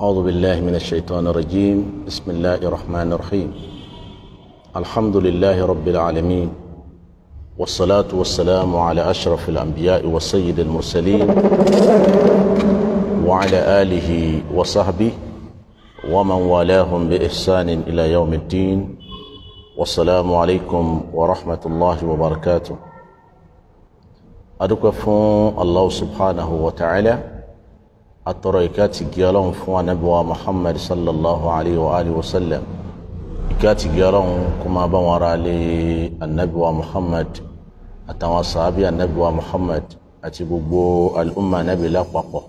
أعوذ بالله من الشيطان الرجيم بسم الله الرحمن الرحيم الحمد لله رب العالمين والصلاة والسلام على أشرف الأنبياء وسيد المرسلين وعلى آله وصحبه ومن والاهم بإحسان إلى يوم الدين والسلام عليكم ورحمة الله وبركاته أدوك فون الله سبحانه وتعالى atọrọ ìkẹ́ àti gí ọlọ́run fún ànábì wa muhammad sallallahu alayhi wa alihi wa sallam ìkẹ́ àti gí ọlọ́run kó máa bá wọn ara lé ànábì wa muhammad àtàwọn sàábì ànábì wa muhammad àti gbogbo al'umma ànábì lápapọ̀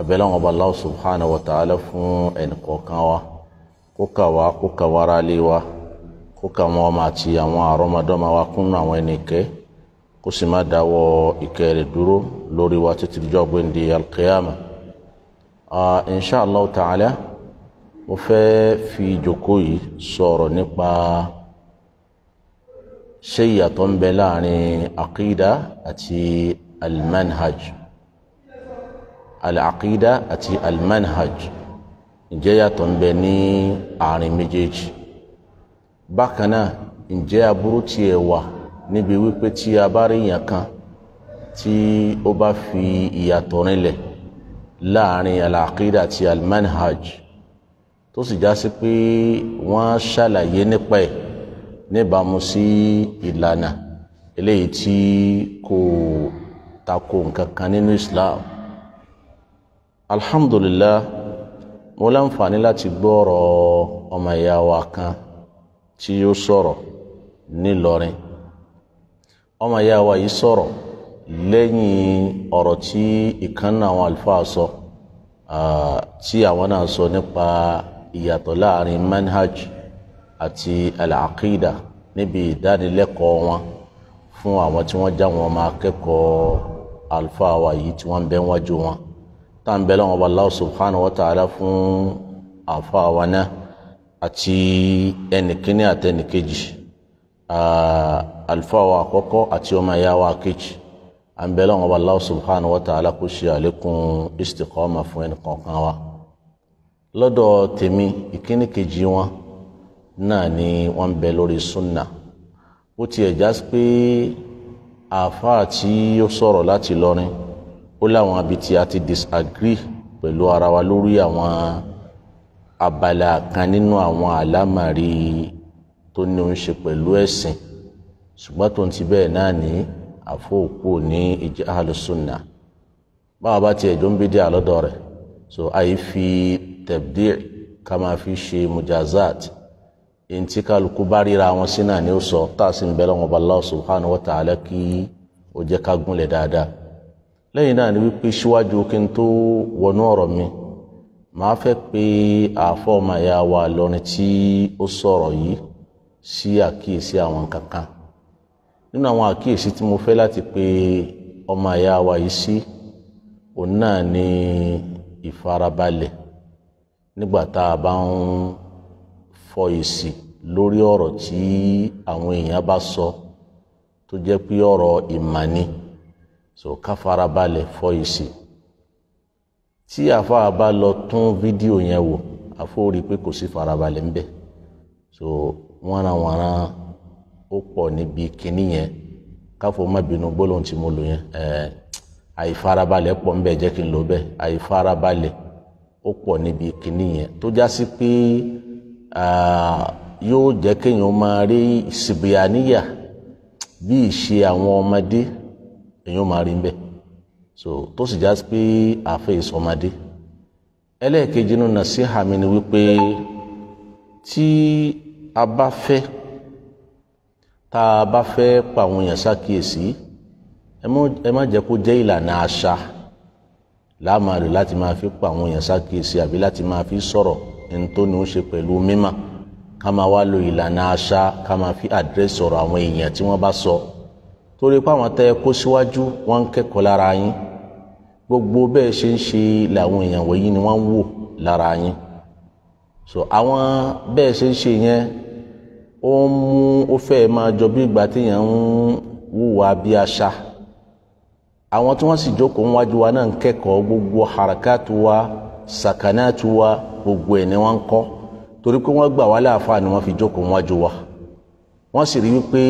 abẹ́lẹ́ wọn bá Allah subhanahu wa ta'ala fún ẹnì kọ̀ọ̀kan wa kó kà wá kó lé wa kó wọn ọmọ àti àwọn àrọ́mọdọ́mọ wa kún àwọn ẹnìkẹ́ kó sì má dáwọ́ ìkẹ́ dúró lórí wa títí dijọ́ gbẹ̀ǹde alqiyama. Uh, inshallah ta'ala mo fẹ́ fi ìjókòó yìí sọ̀rọ̀ nípa ṣé ìyàtọ̀ ń bẹ láàrin àkídá àti almanhaj alàkídá àti almanhaj ǹjẹ́ yàtọ̀ ń bẹ ní àárín méjèèjì bákan náà ǹjẹ́ aburú tí ẹ wà níbi wípé tí a bá rí èèyàn kan tí ó bá fi ìyàtọ̀ rinlẹ̀ láàrin alaqida àti almanhaj tó sì já sí pé wọ́n ṣàlàyé nípa ẹ̀ níbàámu sí ìlànà eléyìí tí kò tako nǹkan kan nínú islam alhamdulillah mo láǹfààní láti gbọ́rọ̀ ọmọ ìyá wa kan tí ó sọ̀rọ̀ nílọrin ọmọ ìyá wa yìí sọ̀rọ̀ lẹ́yìn ọ̀rọ̀ tí ìkànnà àwọn àlùfáà sọ tí àwọn náà sọ nípa ìyàtọ̀ láàrin manhaj àti al-aqida níbi ìdánilẹ́kọ̀ọ́ wọn fún àwọn tí wọ́n já wọn máa kẹ́kọ̀ọ́ àlùfáà wa yìí tí wọ́n ń bẹ wájú wọn tá à ń bẹ lọ́wọ́ Allah subhanahu wa ta'ala fún àlùfáà wa náà àti ẹnìkíní àtẹnìkejì àlùfáà wa àkọ́kọ́ àti ọmọ ìyá wa kejì àǹbẹ̀lẹ̀ wa Allah subhanahu wa ta'ala kó ṣe àlékún istiqama fún ẹnì kọ̀ọ̀kan wa lọ́dọ̀ tèmi ìkíní kejì wọn náà ni wọ́n ń sunna ó tiẹ̀ já sí pé àáfàá tí ó sọ̀rọ̀ láti lọrin ó láwọn abi a ti disagree pẹ̀lú ara wa lórí àwọn abala kan nínú àwọn alamari tó ní ó ń ṣe pẹ̀lú ẹ̀sìn ṣùgbọ́n tó ń ti bẹ́ẹ̀ náà àfọwọ́kù ní ìjẹ́ alùsùnà báwa bá tiẹ̀ jọ ń bí dé àlọ́dọ̀ rẹ̀ so àyè fi tẹ̀bdíì ká máa fi ṣe mujazat èyí tí kálukú bá ríra wọn sí náà ni ó sọ tá a sì ń bẹ lọ́wọ́ bá Allah subhanahu wa ta'ala kí ó jẹ́ ká gúnlẹ̀ dáadáa lẹ́yìn náà ni wípé síwájú kí n tó wọnú ọ̀rọ̀ mi màá fẹ́ pé àáfọ̀ ọmọ ìyá lọ́rin tí ó sọ̀rọ̀ yìí sí àkíyèsí àwọn kankan nínú àwọn àkíyèsí tí mo fẹ́ láti pe ọmọ àyà wa yìí sí òun náà ni ìfarabalẹ̀ nígbà tá a bá ń fọ èsì lórí ọ̀rọ̀ tí àwọn èèyàn bá sọ tó jẹ́ pé ọ̀rọ̀ ìmàní so ká farabalẹ̀ fọ èsì tí àfáà bá lọ tún fídíò yẹn wò àfóòrí pé kò sí farabalẹ̀ ńbẹ̀ so wọ́n ra wọ́n ra. ó pọ̀ níbi kínní yẹn káfọ má bínú gbólóhùn tí mo lò yẹn àìfarabalẹ̀ pọ̀ ńbẹ̀ jẹ́ kí n lò bẹ́ẹ̀ àìfarabalẹ̀ ó pọ̀ níbi kínní yẹn tó já sí pé yóò jẹ́ kéèyàn máa rí bí ìṣe àwọn ọmọdé tá a bá fẹ́ pa àwọn èèyàn ṣàkíyèsí ẹ má jẹ́ kó jẹ́ ìlànà àṣà láàmàlù láti máa fi pa àwọn èèyàn ṣàkíyèsí àbí láti máa fi sọ̀rọ̀ ẹni tó ní ó ṣe pẹ̀lú mímà ká máa wá lo ìlànà àṣà ká máa fi àdírẹ́sì ọ̀rọ̀ àwọn èèyàn tí wọ́n bá sọ torí pé àwọn tẹ́ kó síwájú wọ́n ń kẹ́kọ̀ọ́ lára yín gbogbo bẹ́ẹ̀ ṣe ń ṣe làwọn èèyàn wọ̀nyí ni wọ́n ń wò lára yín so àwọn bẹ́ẹ̀ ṣe ń ṣe yẹn ó ń mú ó fẹ́ máa jọ bí ìgbà téèyàn ń wùwà bí aṣa àwọn tí wọ́n sì jókòó níwájú wa náà ń kẹ́kọ̀ọ́ gbogbo harakatu wa sakanatu wa gbogbo ẹ̀ ni wọ́n ń kọ́ torí pé wọ́n gbà wá láàfáà ni wọ́n fi jókòó níwájú wa wọ́n sì rí wípé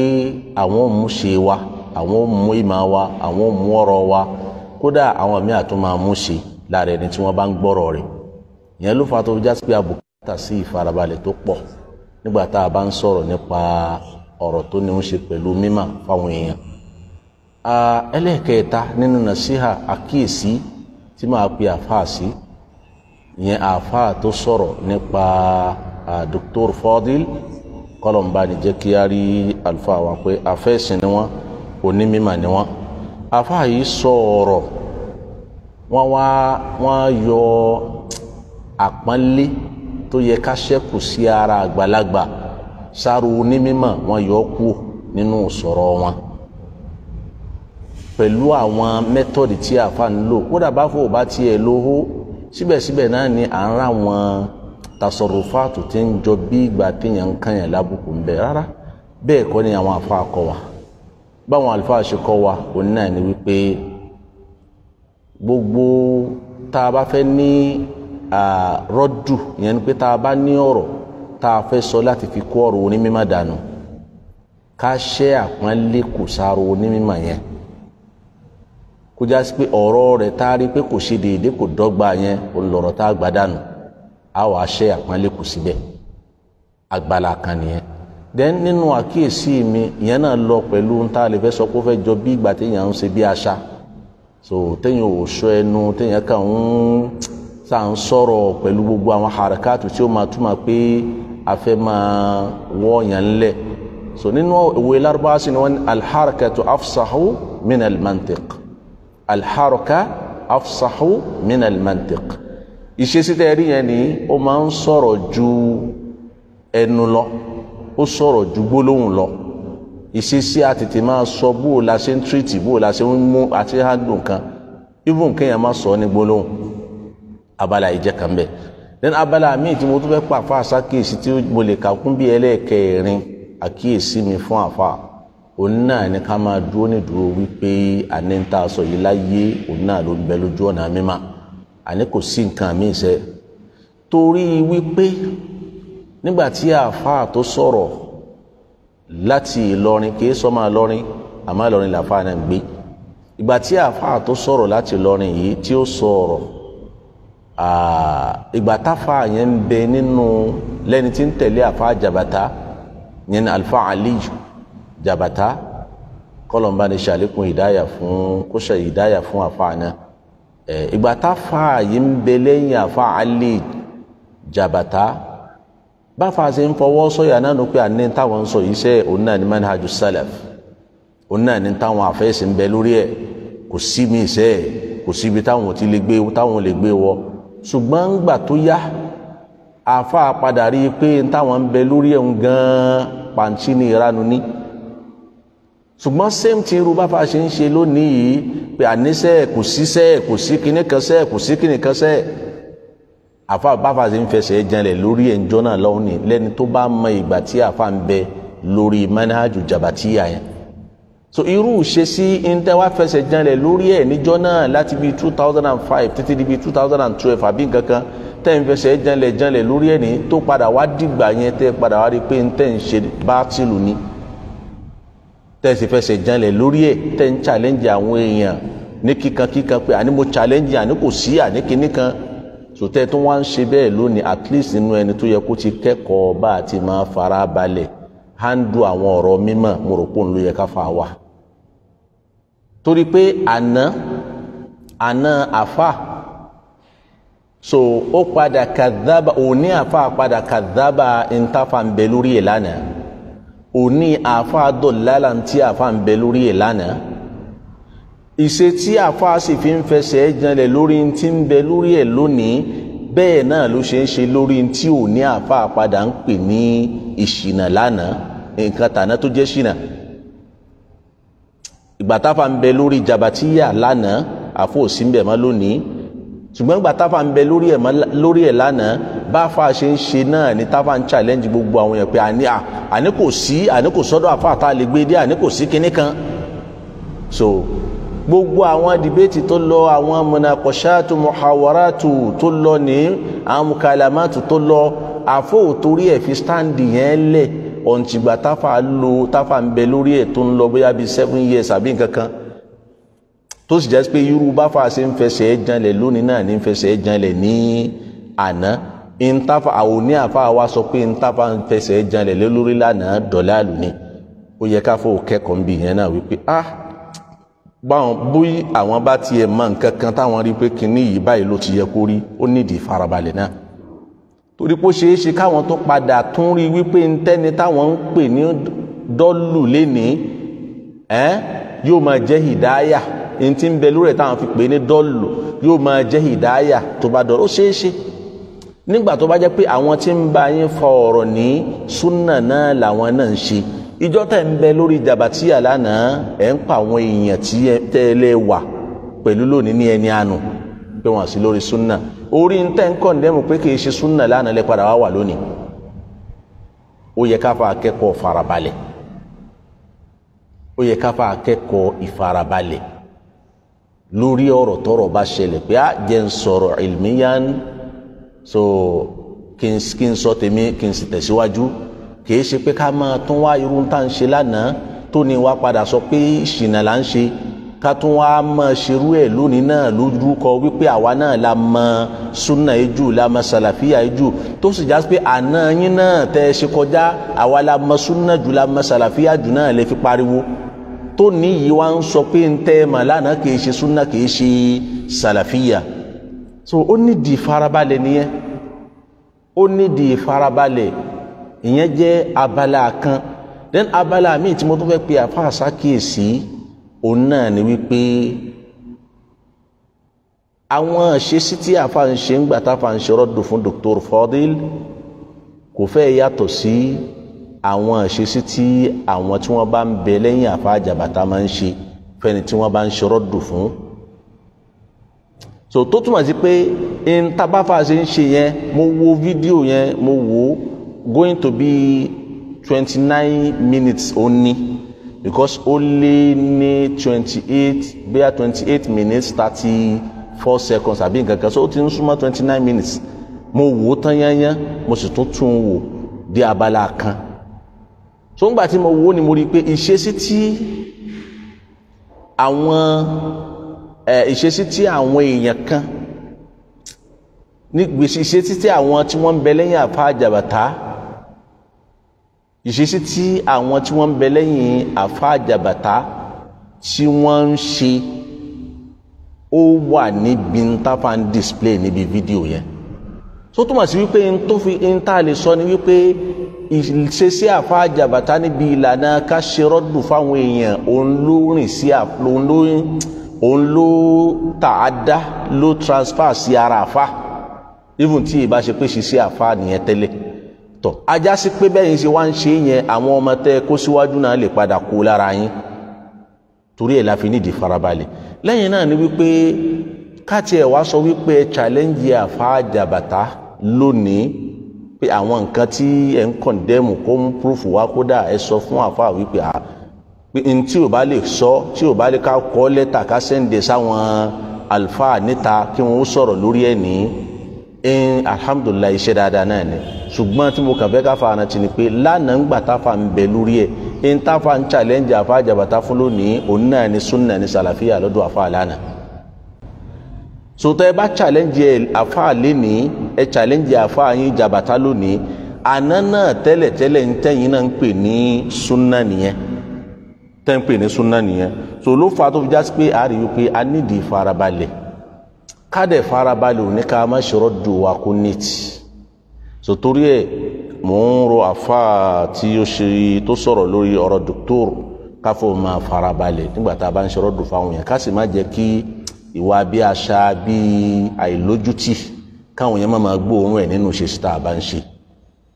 àwọn ò mú ṣe wa àwọn ò mú ìmọ̀ wa àwọn ò mú ọ̀rọ̀ wa kódà àwọn míì àtún máa mú ṣe lára ẹni tí wọ́n bá ń gbọ́rọ̀ rẹ̀ ìyẹn ló fà tó fi já sí pé sí ìfarabalẹ̀ tó pọ̀ nígbà tá a bá ń sọ̀rọ̀ nípa ọ̀rọ̀ tó ní ń ṣe pẹ̀lú mímà fáwọn èèyàn ẹlẹ́ẹ̀kẹta nínú nàṣíhà àkíyèsí tí máa pe àfáà sí ìyẹn àfáà tó sọ̀rọ̀ nípa Dr. Fadil kọlọmba ni jẹ́ kí a rí àlùfáà wa pé àfẹ́sìn ni wọ́n onímímà ni wọ́n àfáà yìí sọ̀rọ̀ wọ́n wá wọ́n yọ àpọ́nlé tó yẹ ká ṣẹ́kù sí ara àgbàlagbà sáru onímọ̀ wọn yọ kú nínú sọ̀rọ̀ wọn pẹ̀lú àwọn mẹ́tọ́dì tí àfa ń lò kódà bá fò bá tiẹ̀ lówó síbẹ̀síbẹ̀ náà ni à ń ra wọn tasọ̀rọ̀fáàtù tí ń jọ bí ìgbà téèyàn ń kàyàn lábùkù ń bẹ̀ rárá bẹ́ẹ̀ kọ́ ni àwọn àfa kọ́ wa báwọn àlùfáà ṣe kọ́ wa òun náà ni wípé gbogbo tá a bá fẹ́ ní rọ́dù ìyẹn ni pé tá a bá ní ọ̀rọ̀ tá a fẹ́ sọ láti fi kó ọ̀rọ̀ onímọ̀ dànù ká ṣẹ́ àpọ́nlé kò sáro onímọ̀ yẹn kó jásí pé ọ̀rọ̀ rẹ̀ tá a rí pé kò ṣe déédé kò dọ́gba yẹn olùlọ̀rọ̀ tá a gbà dànù a wàá àpọ́nlé kò síbẹ̀ kan nìyẹn then mi náà lọ pẹ̀lú tá a lè fẹ́ sọ pé ó fẹ́ jọ bí ìgbà téèyàn ń ṣe bí so téèyàn ò sọ tá à ń sọ̀rọ̀ pẹ̀lú gbogbo àwọn harakatu tí ó máa túmọ̀ pé a fẹ́ máa wọ́ yàn lẹ̀ so nínú ìwé lárúbáwá sí ni wọ́n ní alharakatu afsahu min almantiq alharaka afsahu min almantiq ìṣesí tẹ́ ẹ yẹn ni ó máa ń sọ̀rọ̀ ju ẹnu lọ ó sọ̀rọ̀ ju gbólóhùn lọ ìṣesí àtètè máa sọ bó ṣe ń tírìtì bó ṣe ń mú àti hádùn kan even máa sọ ní gbólóhùn abala yìí jẹ́ kan bẹ́ẹ̀ then abala míì tí mo tún fẹ́ pa àfa àsákèsí tí mo lè kà kún bí ẹlẹ́ẹ̀kẹrin àkíyèsí mi fún àfa òun náà ni ká máa dúró ní dúró wípé àní ń ta aṣọ yìí láyé òun náà ló ń bẹ lójú ọ̀nà mímá àní kò sí nǹkan míì sẹ́ torí wípé nígbà tí àfa tó sọ̀rọ̀ láti Ìlọrin kì í sọ́mọ́ Ìlọrin àmọ́ Ìlọrin làfa náà gbé ìgbà tí àfa tó sọ̀rọ̀ láti Ìlọrin yìí tí ó sọ̀rọ̀ ìgbà táfa yẹn ń bẹ nínú lẹ́ni tí ń tẹ̀lé àfa jabata yẹn ní alfa aliyu jabata kọlọmba ni ṣàlékún ìdáyà fún kó ṣe ìdáyà fún àfa náà ìgbà táfa yìí ń bẹ lẹ́yìn àfa aliyu jabata báfa ṣe ń fọwọ́ sọ̀yà náà ló pé àní táwọn ń sọ yìí ṣe òun náà ní manhaju salaf òun náà ní táwọn àfẹ́sìn bẹ lórí ẹ̀ kò sí mi ṣe kò síbi táwọn ò ti lè gbé táwọn ò lè gbé wọ ṣùgbọ́n ńgbà tó yá àfa padà rí i pé táwọn ń bẹ lórí ẹ̀ ń gan-an pàǹtí ní ìranu ní ṣùgbọ́n same thing irú bá fa ṣe ń ṣe lónìí yìí pé àníṣe kò síṣẹ́ kò sí kíní kan ṣẹ́ kò sí kíní kan ṣẹ́ àfa bá ṣe ń fẹsẹ̀ janlẹ̀ lórí ẹ̀ ń jọ́ náà lọ́wọ́ ni lẹ́ni tó bá mọ ìgbà tí àfa ń bẹ lórí manhaju jabatiya yẹn so irú ìṣesí ntẹ́wá fẹsẹ̀ janlẹ̀ lórí ẹ̀ níjọ́ náà láti bíi two thousand and five títí di bíi two thousand and twelve àbí nkankan tẹ́ ń fẹsẹ̀ janlẹ̀ janlẹ̀ lórí ẹ̀ ní tó padà wá dìgbà yẹn tẹ́ padà wá rí pé ntẹ́ ń ṣe bátìlù ni tẹ́ sì fẹsẹ̀ janlẹ̀ lórí ẹ̀ tẹ́ ń challenge àwọn èèyàn ní kíkan kíkan pé àní mo challenge àní kò sí àní kíní kan so tẹ́ tó wá ń ṣe bẹ́ẹ̀ lónìí at least nínú ẹni tó yẹ kó ti kẹ́kọ̀ọ́ bá àti máa fara balẹ̀ handle àwọn ọ̀rọ̀ mímọ́ mo rò pé òun ló yẹ wa torí pé àná àná àfa so ó padà kàdába òní àfa padà kàdába ntàfà ń bẹ lórí ẹ̀ lánàá òní àfa dọ̀lára ntí àfa ń bẹ lórí ẹ̀ lánàá ìṣe tí àfa sì fi ń fẹsẹ̀ janlẹ̀ lórí ntí ń bẹ lórí ẹ̀ lónìí bẹ́ẹ̀ náà ló ṣe ń ṣe lórí tí òní àfa padà ń pè ní ìṣìnà lánàá nǹkan tàná tó jẹ́ ṣìnà ìgbà táfà ń bẹ lórí jabatiya lánàá àfọ òsínbẹ mọ lónìí ṣùgbọ́n ìgbà táfà ń bẹ lórí ẹ̀ lánàá bá ṣe ń ṣe náà ni táfà ń challenge gbogbo àwọn yẹn pé àní àní kò sí àní kò sọ́dọ̀ àfa àtà lè gbé dé àní kò sí kinní kan so gbogbo àwọn dìbẹ́tì tó lọ àwọn mọ̀nàkọ̀ṣáàtù mọ̀hàwáràtù tó lọ ní àwọn kàlámàtù tó lọ àfọ̀ òtórí ẹ̀ fi stáǹdì yẹn lẹ̀ ọ̀ǹtìgbà táfà lo táfà ń bẹ lórí ẹ̀ tó ń lọ bóyá bíi seven years àbí nǹkan kan tó sì jẹ́ pé irú báfà ṣe ń fẹsẹ̀ ẹ̀ janlẹ̀ lónìí náà ní ń fẹsẹ̀ ẹ̀ janlẹ̀ ní àná ntafa àwọn ní àfa wa sọ pé ntafa ń fẹsẹ̀ ẹ̀ janlẹ̀ lórí lánàá dọ̀lá lónìí ó yẹ káfọ́ kẹ́kọ̀ọ́ ń bì yẹn náà wípé ah báwọn bí àwọn bá tiẹ̀ mọ nǹkan kan táwọn rí pé kinní yìí báyìí ló ti yẹ kó rí ó nídìí farabalẹ̀ náà torí pé ó ṣeé ṣe káwọn tó padà tún rí wípé ntẹ́ni táwọn ń pè ní dọ́lù lénìí ẹ́ yóò máa jẹ́ hìdáyà ntí ń bẹ lórí ẹ̀ táwọn fi pè ní dọ́lù yóò máa jẹ́ hìdáyà tó bá dọ̀rọ̀ ó ṣeé ṣe nígbà tó bá jẹ́ pé àwọn tí ń bá yín fa ọ̀rọ̀ ní súnà náà làwọn náà ń ṣe ìjọ tẹ̀ ń bẹ lórí jàbàtíyà lánàá ẹ̀ ń pa àwọn èèyàn tí tẹ́lẹ̀ wà pẹ̀lú lónìí ní ẹni àánú pé wọ́n sì lórí súnà orí ń tẹ́ ń kọ́ ǹdẹ́mu pé kì í ṣe súnà lánàá lẹ padà wá wà lónìí ó yẹ ká fa akẹ́kọ̀ọ́ farabalẹ̀ ó yẹ ká fa akẹ́kọ̀ọ́ ìfarabalẹ̀ lórí ọ̀rọ̀ tọ́rọ̀ bá ṣẹlẹ̀ pé á ah, jẹ́ ń sọ̀rọ̀ ìlmíyàn so kí n sọ tèmi kí n sì tẹ̀síwájú kì í ṣe pé ká máa tún wá irú tá à ń ṣe lánàá tó ní wá padà sọ pé ìṣìnà là ń ṣe ká tún wá mọ ṣerú ẹ̀ lónìí náà lórúkọ wípé àwa náà la mọ súnà ijù la mọ sàlàfíà ijù tó sì já pé àná yín náà tẹ́ ẹ ṣe kọjá àwa la mọ súnà jù la mọ sàlàfíà jù náà lè fi pariwo tó ní yìí wá ń sọ pé ń tẹ́ ẹ mà lánàá kì í ṣe súnà kì í ṣe sàlàfíà so ó nídìí farabalẹ̀ nìyẹn ó nídìí farabalẹ̀ ìyẹn jẹ́ abala kan then abala míì tí mo tún fẹ́ pe àfa àṣà kìí sí. Si, òun náà ni wípé àwọn àṣesí tí àfàǹṣe ń gbà táfàǹṣe rọ́dùn fún Dr. Fadil kò fẹ́ yàtọ̀ sí àwọn àṣesí tí àwọn tí wọ́n bá ń bẹ lẹ́yìn àfa máa ń ṣe fẹ́ni tí wọ́n bá ń ṣe rọ́dùn fún so tó túmọ̀ sí pé n tabáfà ṣe ń ṣe yẹn mo wo fídíò yẹn mo wo going to be twenty nine minutes only because only lé ní twenty eight bóyá twenty eight minutes thirty four seconds àbí nǹkan kan so ó ti ń súnmọ́ twenty nine minutes mo wò ó tán yányán mo sì tún tún un wò dé abala kan so ńgbà tí mo wò ó ni mo rí i pé ìṣesí tí àwọn ẹ ìṣesí tí àwọn èèyàn kan ní ìṣesí tí àwọn tí wọ́n ń bẹ lẹ́yìn àfa àjàbàtà ìṣesí tí àwọn tí wọ́n ń bẹ lẹ́yìn àfa àjàbàtà tí wọ́n ń ṣe ó wà níbi ntafa ń display níbi fídíò yẹn tó túmọ̀ sí wípé n tó fi n tá lè sọ ni wípé ìṣesí àfa àjàbàtà níbi ìlànà káṣírọ́dù fáwọn èèyàn òun ló rìn sí òun ló tà á dá ló transfer sí ara àfa even tí ìbá ṣe pé ṣiṣẹ́ àfa nìyẹn tẹ́lẹ̀ tọ ajá sí pé bẹ́yìn ṣe wá ń ṣe yẹn àwọn ọmọ tẹ kó síwájú náà lè padà kó lára yín torí ẹ̀ la fi nídìí farabalẹ̀ lẹ́yìn náà ni wípé káàtì ẹ̀ wá sọ wípé challenge àfáàjàbàtà lónìí pé àwọn nǹkan tí ẹ ń kọ̀ndẹ́mù kó ń púrúfù wá kódà ẹ sọ fún àfáà wípé à pé n tí ò bá lè sọ tí ò bá lè ká kọ́ lẹ́tà ká sẹ́ǹdẹ̀ sáwọn àlùfáà níta kí wọ́n sọ̀rọ̀ lórí ẹ̀ nìyí ẹn eh, alhamdulilah iṣẹ́ dáadáa náà ni ṣùgbọ́n tí mo kàn fẹ́ káfa ara ti ni pé lánàá ń gbà táfa ń bẹ lórí ẹ̀ ẹn táfa ń challenge àfa àjàbàtà fún lónìí òun náà ni sunna ni sàlàfíà lọ́dọ̀ àfa àlànà. sòtọ́ ẹ bá challenge ẹ àfa àlẹ́ ẹ challenge àfa àyín jàbàtà lónìí àná náà tẹ́lẹ̀tẹ́lẹ̀ ń tẹ́yìn náà ń pè ní sunna nìyẹn tẹ́ ń pè ní sunna nìyẹn so ló fa tó fi já sí pé a rí pé a nídìí kádẹ̀ farabalẹ̀ òní ká má ṣòro dùn wá kó nítì sòtórí ẹ̀ mò ń ro àfa tí ó ṣe tó sọ̀rọ̀ lórí ọ̀rọ̀ dòktór káfọ́ máa farabalẹ̀ nígbà tá a bá ń ṣòro dùn fáwọn yẹn ká sì má jẹ́ kí ìwà bí àṣà bí àìlójútì káwọn yẹn má máa gbóòórùn ẹ̀ nínú ṣe tá a bá ń ṣe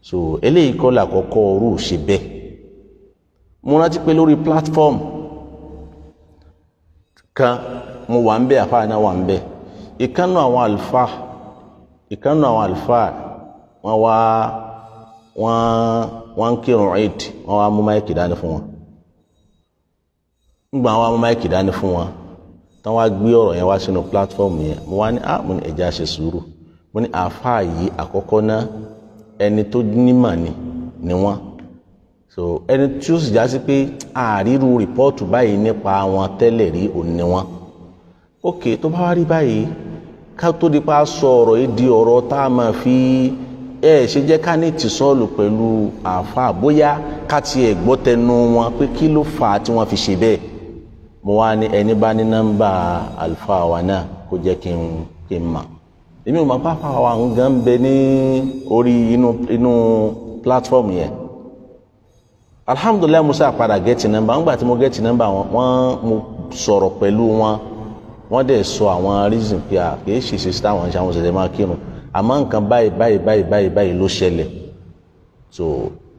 so eléyìí kọ́ làkọ́kọ́ rú ṣe bẹ́ẹ̀ mo rántí pé lórí platform kan mo wà ń bẹ àfa náà wà ń bẹ́ẹ̀ ìkànnù àwọn àlùfà ìkànnù àwọn àlùfà wọn wá wọn wọn kírun eid wọn wá mú máìkì dání fún wọn nígbà wọn wá mú máìkì dání fún wọn tán wá gbé ọ̀rọ̀ yẹn wá sínú pílátífọ́ọ̀mù yẹn mo wá ní ah mo ní ẹ̀jẹ̀ àṣẹ sùúrù mo ní àáfàá yìí àkọ́kọ́ náà ẹni tó nímọ̀ ni ni wọ́n so ẹni tí ó sì já sí pé àríru rìpọ́ọ̀tù báyìí nípa wọn tẹ́lẹ̀ rí òun ni wọ́n tó bá wá rí báyìí ká di pa sọ ọ̀rọ̀ yìí di ọ̀rọ̀ tá a máa fi ẹ ṣe jẹ́ ká ní tìsọ́ọ̀lù pẹ̀lú àáfàá bóyá ká tiẹ̀ gbọ́ tẹnu wọn pé kí ló fà á tí wọ́n fi ṣe bẹ́ẹ̀ mo wá ní ẹni bá ní nọ́mbà àlùfáà wa náà kó jẹ́ kí n kí n mà èmi ò mọ pápá wa gan bẹ ní orí inú inú platform yẹn alhamdulilayi musa padà gẹ́tì nọ́mbà ńgbà tí mo gẹ́tì nọ́mbà wọn mo sọ̀rọ̀ pẹ̀lú wọn wọ́n dẹ̀ sọ àwọn reason pé à kìí ṣèṣe sí táwọn ṣe àwọn ṣẹlẹ̀ máa kírun àmọ́ nǹkan báyìí báyìí báyìí báyìí báyìí ló ṣẹlẹ̀ tó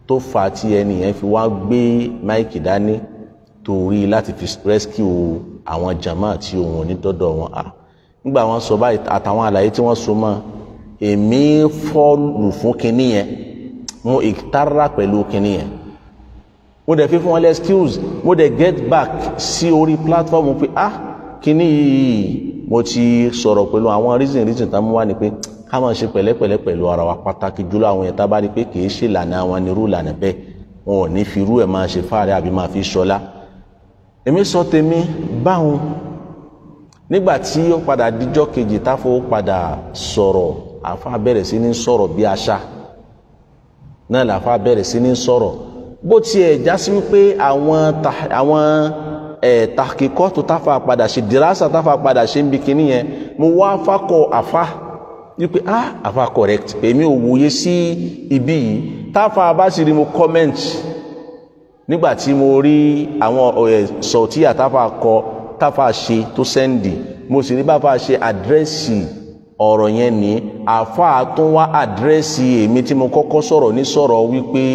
tó fa tí ẹni yẹn fi wá gbé máìkì dání torí láti fi rescue àwọn jama tí òun ò ní dọ́dọ̀ wọn à nígbà wọ́n sọ báyìí àtàwọn àlàyé tí wọ́n so mọ́ èmi fọ́ọ̀lù fún kinní yẹn mo ìtara pẹ̀lú kinní yẹn mo dẹ̀ fi fún wọn lẹ́ excuse mo dẹ̀ get back sí orí platform pé ah kíní yìí mo ti sọ̀rọ̀ pẹ̀lú àwọn reason reason tá a mú wá ni pé ká máa ṣe pẹ̀lẹ́pẹ̀lẹ́ pẹ̀lú ara wa pàtàkì jùlọ àwọn yẹn tá a bá rí pé kì í ṣe ìlànà àwọn nírú ìlànà bẹ́ẹ̀ wọn ò ní fi irú ẹ̀ máa ṣe fáàrẹ́ àbí máa fi ṣọlá èmi sọ tèmi báwọn nígbà tí ó padà díjọ́ kejì táfó padà sọ̀rọ̀ àfa bẹ̀rẹ̀ sí ní sọ̀rọ̀ bí àṣà náà làfa bẹ̀rẹ̀ sí ní sọ̀rọ̀ bó tiẹ̀ já sí wípé àwọn ẹ tahkikọtu padà ṣe dirasa tafa padà ṣe ń bi kínní yẹn mo wá fakọ afa wípé ah afa correct èmi ò wòye sí ibi yìí tafa bá sì rí mo comment nígbà tí mo rí àwọn ẹ sọtíyà tafa kọ tafa ṣe tó sẹ́ndì mo sì rí báfa ṣe àdírẹ́sì ọ̀rọ̀ yẹn ní afa tó wá àdírẹ́sì èmi tí mo kọ́kọ́ sọ̀rọ̀ ní sọ̀rọ̀ wípé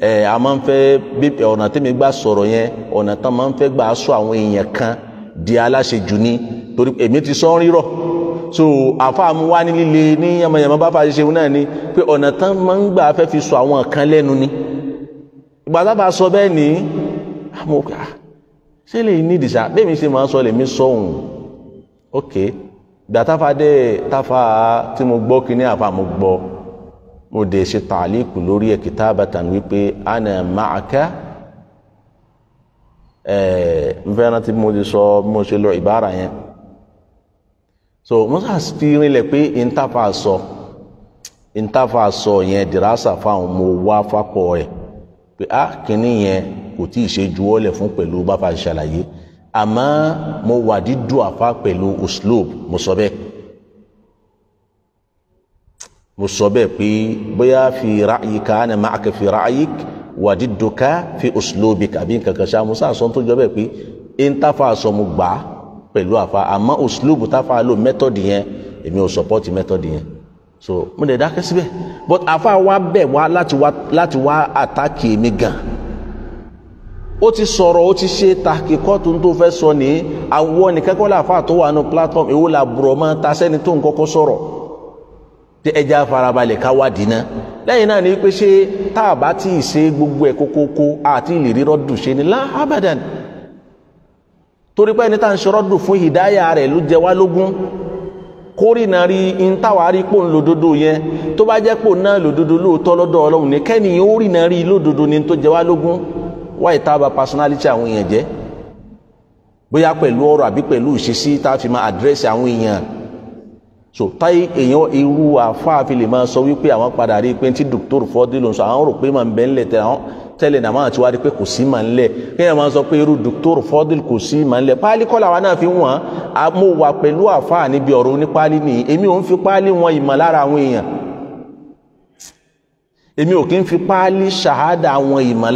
ẹ a máa ń fẹ́ bí ọ̀nà tẹ́mi gbà sọ̀rọ̀ yẹn ọ̀nà tán máa ń fẹ́ gbà sọ àwọn èèyàn kan di aláṣejù ni torí èmi ti sọ rírọ̀ so àfàmù wa ní líle ní yamayama bá fàṣẹ ṣeun náà ni pé ọ̀nà tán máa ń gbà fẹ́ fi sọ àwọn kan lẹ́nu ni ìgbà tá a bá sọ bẹ́ẹ̀ ni àmọ́ ṣé lè ní ìdìṣà bẹ́ẹ̀ mi ṣe máa sọ lèmi sọ òun ok ìgbà táfa dé táfa tí mo gbọ́ kí ní àfàmù gbọ́ mo dẹ̀ ṣe tàlíkù lórí ẹ̀ kitabatan wípé ana ma'aka ẹ̀ẹ́ nfẹ́ rántí mo ti sọ mo ṣe lọ ìbára yẹn so musa fi rinlẹ̀ pé ìntàfà sọ ìntàfà sọ yẹn dìrásà fáwọn mo wá fakọ rẹ̀ pé a kìíní yẹn kò tí ì ṣe juwọ́lẹ̀ fún pẹ̀lú báfa ṣàlàyé àmọ́ mo wà dídùn àfa pẹ̀lú uslob mo sọ bẹ́ẹ̀ mo sọ bẹ́ẹ̀ pé bóyá fi ra'yika ana ma'aka fi ra'yik wa didduka fi uslubika àbí nǹkan kan ṣáà mo sáà sọ tó jọ bẹ́ẹ̀ pé ń táfà sọ mo gbà á pẹ̀lú àfa àmọ́ uslubu táfà lò mẹ́tọ̀dì yẹn èmi ò sọpọ́tì mẹ́tọ̀dì yẹn so mo lè dákẹ́ síbẹ̀ but àfa wa bẹ̀ wá láti wá àtàkì mi gan ó ti sọ̀rọ̀ ó ti ṣe tàkìkọ́tù tó fẹ́ sọ ní àwọn nìkẹ́kọ̀ọ́ làfa tó wà ní platform èwo làbùrọ̀ máa ta sẹ́ni tó ń tí ẹja farabalẹ̀ ká wá dínà lẹ́yìn náà ni pé ṣé tá a bá tí ì ṣe gbogbo ẹ̀ kókókó àti ìlérí rọ́dùn ṣe ni lá abadan torí pé ẹni tá à ń ṣe rọ́dùn fún hìdáyà rẹ̀ ló jẹ wá lógún kórìnà rí in táwa rí pò ń lòdodo yẹn tó bá jẹ́ pò náà lòdodo lóòótọ́ lọ́dọ̀ ọlọ́run ní kẹ́ni ó rìnà rí lòdodo ni tó jẹ wá lógún wá ìtaba personality àwọn èèyàn jẹ́ bóyá pẹ̀lú ọ̀rọ̀ àbí pẹ̀lú ìṣesí tá a fi máa àdírẹ́sì àwọn èèyàn so táyì èèyàn irú àfáàfi lè máa sọ wípé àwọn padà rí i pé tí dòkítọ́rù fọ́dí ló ń sọ àwọn rò pé màá ń bẹ́ ńlẹ̀ tẹ́lẹ̀ náà máa ti wá rí i pé kò sí màá ńlẹ̀ kéèyàn máa sọ pé irú dòkítọ́rù fọ́dí kò sí màá ńlẹ̀ páálí kọ́là wa náà fi wọ́n á mo wà pẹ̀lú àfáà níbi ọ̀rọ̀ onípáálí nìyí èmi ò ń fi páálí wọn ìmọ̀ àwọn èèyàn èmi ò kí ń fi páálí ṣàhádà àwọn ìmọ̀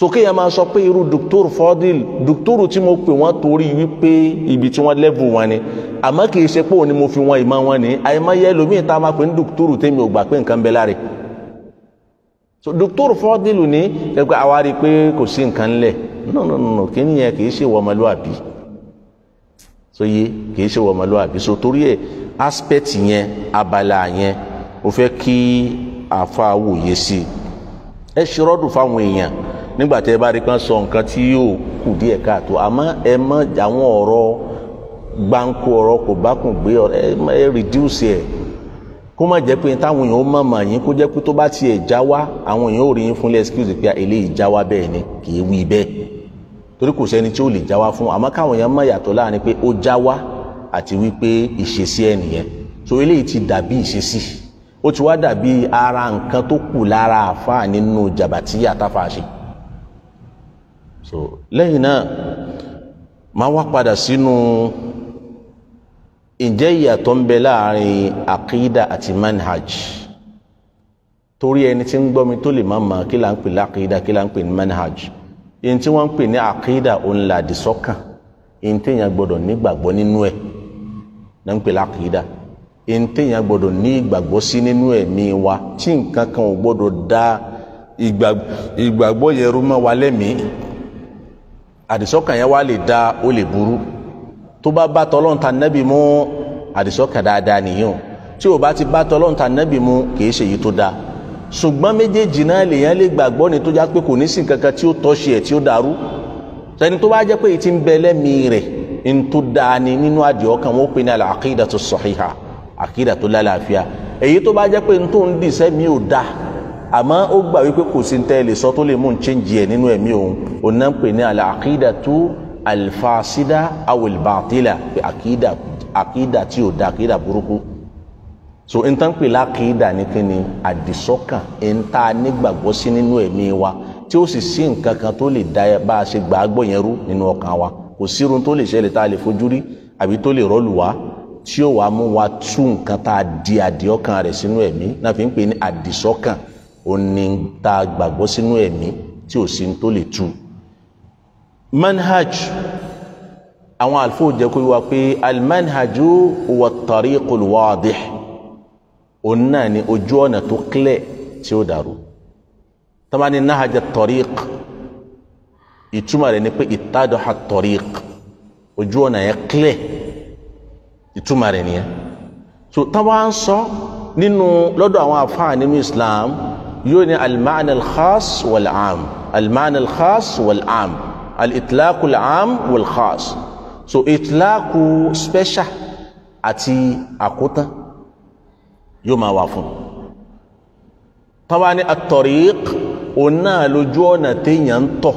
sókè yẹn máa sọ pé irú dr fọdil dr tí mo pè wọn torí wípé ibi tí wọn lẹ́bù wọn ni àmọ́ kì í ṣe pé òun ni mo fi wọn ìmọ̀ wọn ni àìmọye ẹlòmíín tá a máa pè ní dr tèmi ò gbà pé nǹkan bẹ láre so dr fọdil ni ẹgbẹ́ àwa rí i pé kò sí nǹkan ńlẹ̀ no no no kí ni yẹn kì í ṣe wọmọlúwàbí so yé kì í ṣe wọmọlúwàbí so torí ẹ aspect yẹn abala yẹn o fẹ́ kí àfa wòye sí ẹ ṣe rọ́dù fáwọn èèyàn nígbà tí ẹ bá rí kan sọ nǹkan tí yóò kù díẹ̀ káàtó àmọ́ ẹ mọ àwọn ọ̀rọ̀ gbáǹkó ọ̀rọ̀ kò bá kùn gbé ẹ rìdíùsì ẹ kó má jẹ́ pé táwọn èèyàn mọ̀ mọ̀ yín kó jẹ́ pé tó bá tiẹ̀ já wá àwọn èèyàn ò rí yín fúnlẹ̀ excuse pé eléyìí já wá bẹ́ẹ̀ ni kì í wí bẹ́ẹ̀ torí kò sẹ́ni tí ó lè já wá fún àmọ́ káwọn èèyàn mọ̀ yàtọ̀ láàrin pé ó já wá àti wípé ìṣesí ẹ nìyẹn so eléyìí ti dàbí ìṣesí ó ti wá dàbí ara nǹkan tó kù lára àfa nínú jàbàtì àtàfàṣe. No so lẹ́yìn náà máa wá padà sínú ǹjẹ́ ìyàtọ̀ ń bẹ láàrin àkídà àti manhaj torí ẹni tí ń gbọ́ mi tó lè má mọ̀ kí là ń pè lákìídà kí là ń pè ní manhaj èyí tí wọ́n ń pè ní àkìídà òun là àdìsọ́kàn èyí téèyàn gbọ́dọ̀ nígbàgbọ́ nínú ẹ̀ náà ń pè lákìídà èyí téèyàn gbọ́dọ̀ ní ìgbàgbọ́ sí nínú ẹ̀mí wa tí nǹkan kan ò gbọ́dọ̀ dá ìgbàgbọ́ yẹn rú mọ́ wa lẹ́mìí àdìsọ́kàn yẹn wá lè da ó lè burú tó bá bá tọ́lọ́n ta nẹ́bì mú àdìsọ́kàn dáadáa nìyẹn tí ò bá ti bá tọ́lọ́n ta nẹ́bì mú kìí ṣe èyí tó da ṣùgbọ́n méjèèjì náà lèèyàn lè gbàgbọ́ ni tó já pé kò ní sí kankan tí ó tọ́ṣe ẹ̀ tí ó dàrú tẹni tó bá jẹ́ pé èyí ti ń bẹ lẹ́mìí rẹ̀ ń tó dáa ni nínú àdìọ́kàn wọn ó pe ní àkídà tó sọ̀híhà àkídà tó lálàáfíà èyí tó bá jẹ́ pé ń tó ń dì sẹ́mi ò dáa àmọ́ ó gbà wípé kò sí tẹ́ lè sọ tó lè mú un change ẹ̀ nínú ẹ̀mí òun òun náà ń pè ní al-aqidatu al-fasida àkídà àkídà tí ò da àkídà burúkú so n tán pè lákìídà ní kíni àdìsọ́kàn n tá a nígbàgbọ́ sí nínú ẹ̀mí wa tí ó sì sí nǹkan kan tó lè da bá a ṣe gbàgbọ́ yẹn rú nínú ọkàn wa kò sírun tó lè ṣẹlẹ̀ tá a lè fojú rí àbí tó lè rọ́ọ̀lù wá tí ó wàá mú wa tú nǹkan tá a di àdìọ́kàn rẹ̀ sínú ẹ̀mí náà fi ń pè ní àdìsọ́kàn ó ní tá a gbàgbọ́ sínú ẹ̀mí tí ò sí tó lè tu manhaj àwọn àlùfáà ò jẹ́ kó wá pé almanhaju huwa tariqul wadih òun náà ni ojú ọ̀nà tó kílẹ̀ tí ó dàrú tamani nahaja tariq ìtumọ̀ rẹ̀ ni pé ìtàdọ̀ha tariq ojú ọ̀nà yẹn kílẹ̀ ìtumọ̀ rẹ̀ nìyẹn so táwọn sọ nínú lọ́dọ̀ àwọn àfáà nínú Islam yóò ní al-ma'na al-khas wal-'am al-ma'na khas wal-'am al-itlaqu am wal-khas so itlaqu special àti àkótán yóò máa wà fún tọ́wá ní at-tariq òun náà lójú ọ̀nà téèyàn ń tọ̀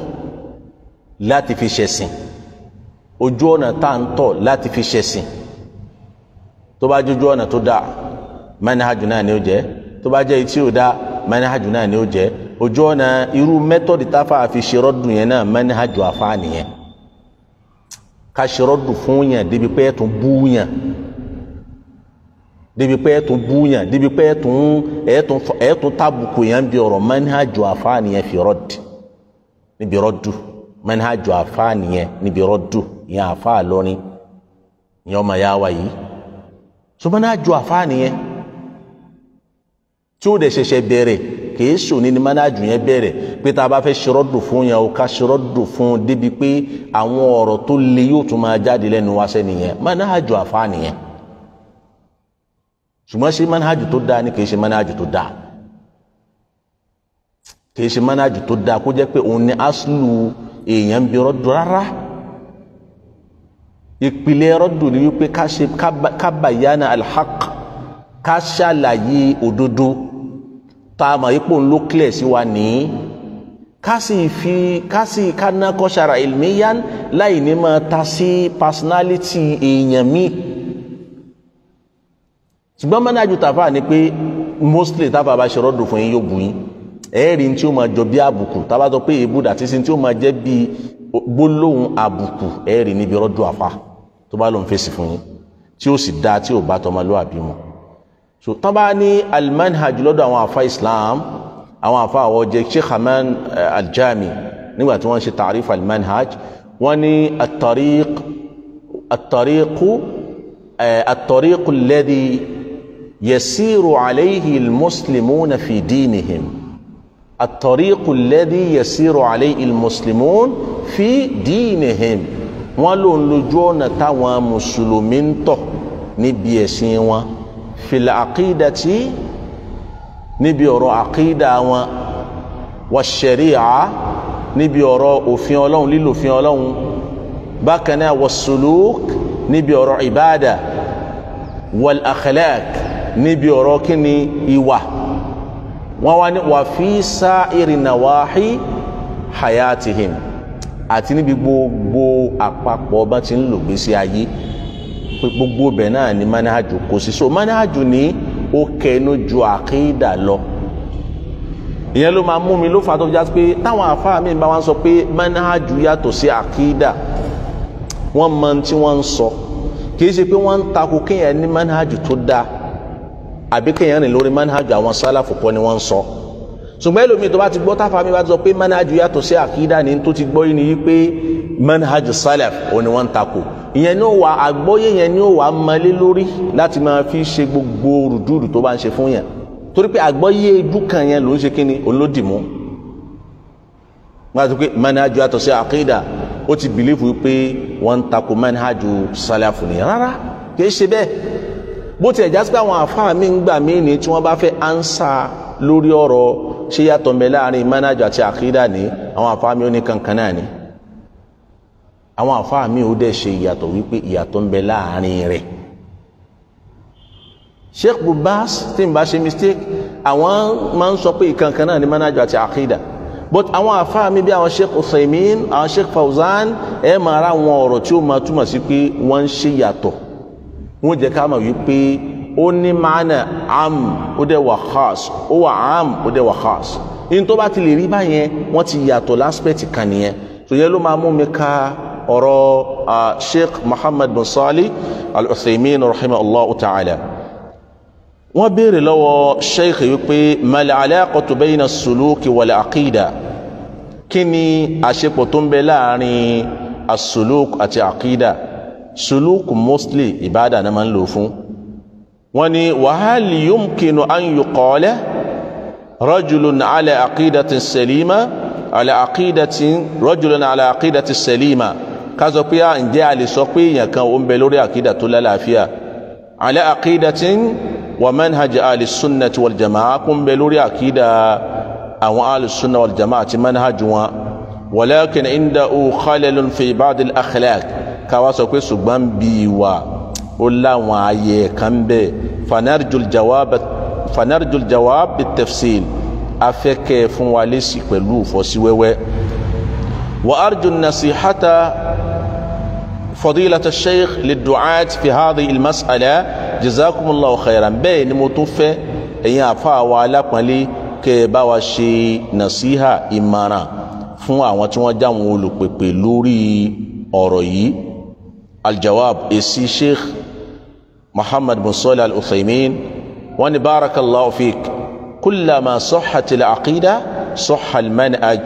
láti fi ṣẹ̀sìn ojú ọ̀nà tá à ń tọ̀ láti fi ṣẹ̀sìn tó bá jójú ọ̀nà tó dáa manhaju náà ni ó jẹ́ tó bá jẹ́ etí ò dáa manhajù náà ni ó jẹ́ ojú ọ̀nà irú mẹ́tọ́dì táfà àfi ṣerọ́dù yẹn náà manhajù àfa nìyẹn ká ṣerọ́dù fún yàn débi pé ẹ̀tún bú yàn débi pé ẹ̀tún bú yàn débi pé ẹ̀tún ẹ̀tún ẹ̀tún tábùkù yàn bí ọ̀rọ̀ manhajù àfa nìyẹn fi rọ́dì níbi rọ́dù manhajù àfa nìyẹn níbi rọ́dù yẹn àfa lọ́rin yẹn ọmọ yà wá yìí so manhajù àfa nìyẹn tí ó dẹ̀ ṣẹ̀ṣẹ̀ bẹ̀rẹ̀ kìí sòní ni mánájú yẹn bẹ̀rẹ̀ pé tá a bá fẹ́ ṣòrọ́dù fún yẹn o ká ṣòrọ́dù fún un débi pé àwọn ọ̀rọ̀ tó le yóò tún máa jáde lẹ́nu wá sẹ́ni yẹn mánájú àfa nìyẹn ṣùgbọ́n ṣe mánájú tó dáa ni kìí ṣe mánájú tó dáa kìí ṣe mánájú tó dáa kó jẹ́ pé òun ni aṣlù èèyàn ń bi rárá ìpìlẹ̀ rọ́dù ni wípé ká ṣe ká bàyánà ká ṣàlàyé òdodo tá a mọ̀ ipò ló clear sí wa nìyí ká sì fi ká sì ká ná kọ́sára ìlmíyàn láì ní máa ta sí personality èèyàn míì ṣùgbọ́n mẹ́nájú tàfà ni pé mostly tàfà bá ṣe rọ́dùn fún yín yóò bù yín ẹ̀ẹ́rì tí ó máa jọ bí àbùkù tàbá sọ pé èébú dàtí sí tí ó máa jẹ́ bí gbólóhùn àbùkù ẹ̀ẹ́rì níbi rọ́dùn àfà tó bá lóun fèsì fún yín tí ó sì dáa tí ò bá tọmọlúwàbí mu so tán bá ní almanhaj lọ́dọ̀ àwọn afa islam àwọn afa àwọn jẹ sheikh haman eh, aljami nígbà tí wọ́n ṣe taarif almanhaj wọ́n ní atariq atariqu atariqu eh, alladhi yasiru alayhi almuslimuna fi dinihim atariqu alladhi yasiru alayhi almuslimuna fi dinihim wọ́n lò ń lójú ọ̀nà táwọn mùsùlùmí ń tọ̀ níbi ẹ̀sìn wọn fìlà àkídà tí níbi ọ̀rọ̀ àkídà wọn wà ṣẹ̀ríà níbi ọ̀rọ̀ òfin ọlọ́run lílòfin ọlọ́run bákan náà wà sùlùk níbi ọ̀rọ̀ ìbáàdà wal akhlaq níbi ọ̀rọ̀ kíni ìwà wọ́n wá ní wà fi sa'iri nawahi hayatihim àti níbi gbogbo àpapọ̀ bá ti ń lògbèsí ayé pé gbogbo bẹ̀ náà ni manahaju kò sí so manahaju ni ó kẹnu ju àkídà lọ ìyẹn ló máa mú mi ló fà tó fi já pé táwọn àfáà mi bá wọn sọ pé manahaju yàtọ̀ sí àkídà wọ́n mọ tí wọ́n ń sọ kì í ṣe pé wọ́n ń takò kéèyàn ní manahaju tó dáa àbí kéèyàn rìn lórí manahaju àwọn sálàfù kọ́ ni wọ́n ń sọ. So ṣùgbọ́n ẹlòmíì tó bá ti gbọ́ táfà mi bá ti sọ pé manhajù yàtọ̀ sí àkídà ni tó ti gbọ́ yìí ni yìí pé manhajù salaf òun ni wọ́n ń takò ìyẹn ní òwà àgbọ́yé yẹn ní òwà malé lórí láti máa fi ṣe gbogbo rùdúrù tó bá ń ṣe fún yẹn torí pé àgbọ́yé ojú kan yẹn ló ń ṣe kíni olódìmú wọ́n á ti pé manhajù yàtọ̀ sí àkídà ó ti bìlífù pé wọ́n ń takò manhajù salaf ni rárá kì í ṣe bẹ́ẹ̀ bó tilẹ̀ jásí pé àwọn àfáà mi ń gbà mí ni tí wọ́n bá fẹ́ ánsà lórí ọ̀rọ̀ ṣé yàtọ̀ ń bẹ láàrin manhaj àti àkídà ní àwọn àfáàmì oníkankan náà ni àwọn àfáàmì ò dẹ̀ ṣe ìyàtọ̀ wípé ìyàtọ̀ ń bẹ láàrin rẹ̀ Sheikh Bubas tí n bá ṣe mistake àwọn máa ń sọ pé ìkankan náà ni manhaj àti àkídà but àwọn àfáàmì bí àwọn Sheikh Uthaymin àwọn Sheikh Fawzan ẹ máa ra àwọn ọ̀rọ̀ tí ó máa túmọ̀ sí pé wọ́n ń ṣe yàtọ̀ wọ́n jẹ́ ká mọ̀ wípé ó ní maana am ó dẹ̀ wà khas ó wà am ó dẹ̀ wà khas ní tó bá ti lè rí báyẹn wọ́n ti yàtọ̀ láspẹ̀tì kan nìyẹn tó yẹ ló máa mú mi ka ọ̀rọ̀ sheikh muhammad bin salih al-uthaymin rahimahullah ta'ala wọ́n béèrè lọ́wọ́ sheikh wípé mal alaqatu bayna as-suluki wal aqida kí ni àṣepọ̀ tó ń bẹ láàrin as àti aqida suluk mostly ìbádà náà máa ń lò fún wọ́n ní wàhálì yumkinu an yuqala rajulun ala aqidatin salima ala aqidatin rajulun ala aqidatin salima ká sọ pé ǹjẹ́ a lè sọ pé èèyàn kan ó ń bẹ lórí àkídà tó lálàáfíà ala aqidatin wa manhaj ahli sunnati wal jamaa kó ń bẹ lórí àkídà àwọn ahli sunna wal jamaa ti wọn walakin inda u khalalun fi ó láwọn ààyè kan bẹ́ẹ̀ fanarjul jawab fanarjul jawab bi tafsil afẹ́kẹ́ fún wa lésì pẹ̀lú ìfọ́síwẹ́wẹ́ wa arju nasihata fadilata sheikh lidu'at fi hadhihi almas'ala jazakumullahu khairan bẹ́ẹ̀ ni mo tún fẹ́ ẹ̀yin àfa wa alápọ̀nlé kẹ́ ẹ bá wa ṣe nasiha ìmọ̀ràn fún àwọn tí wọ́n jáwọn olùpèpè lórí ọ̀rọ̀ yìí aljawab èsì sheikh محمد بن صالح الأثيمين وأن بارك الله فيك كلما صحت العقيدة صح المنهج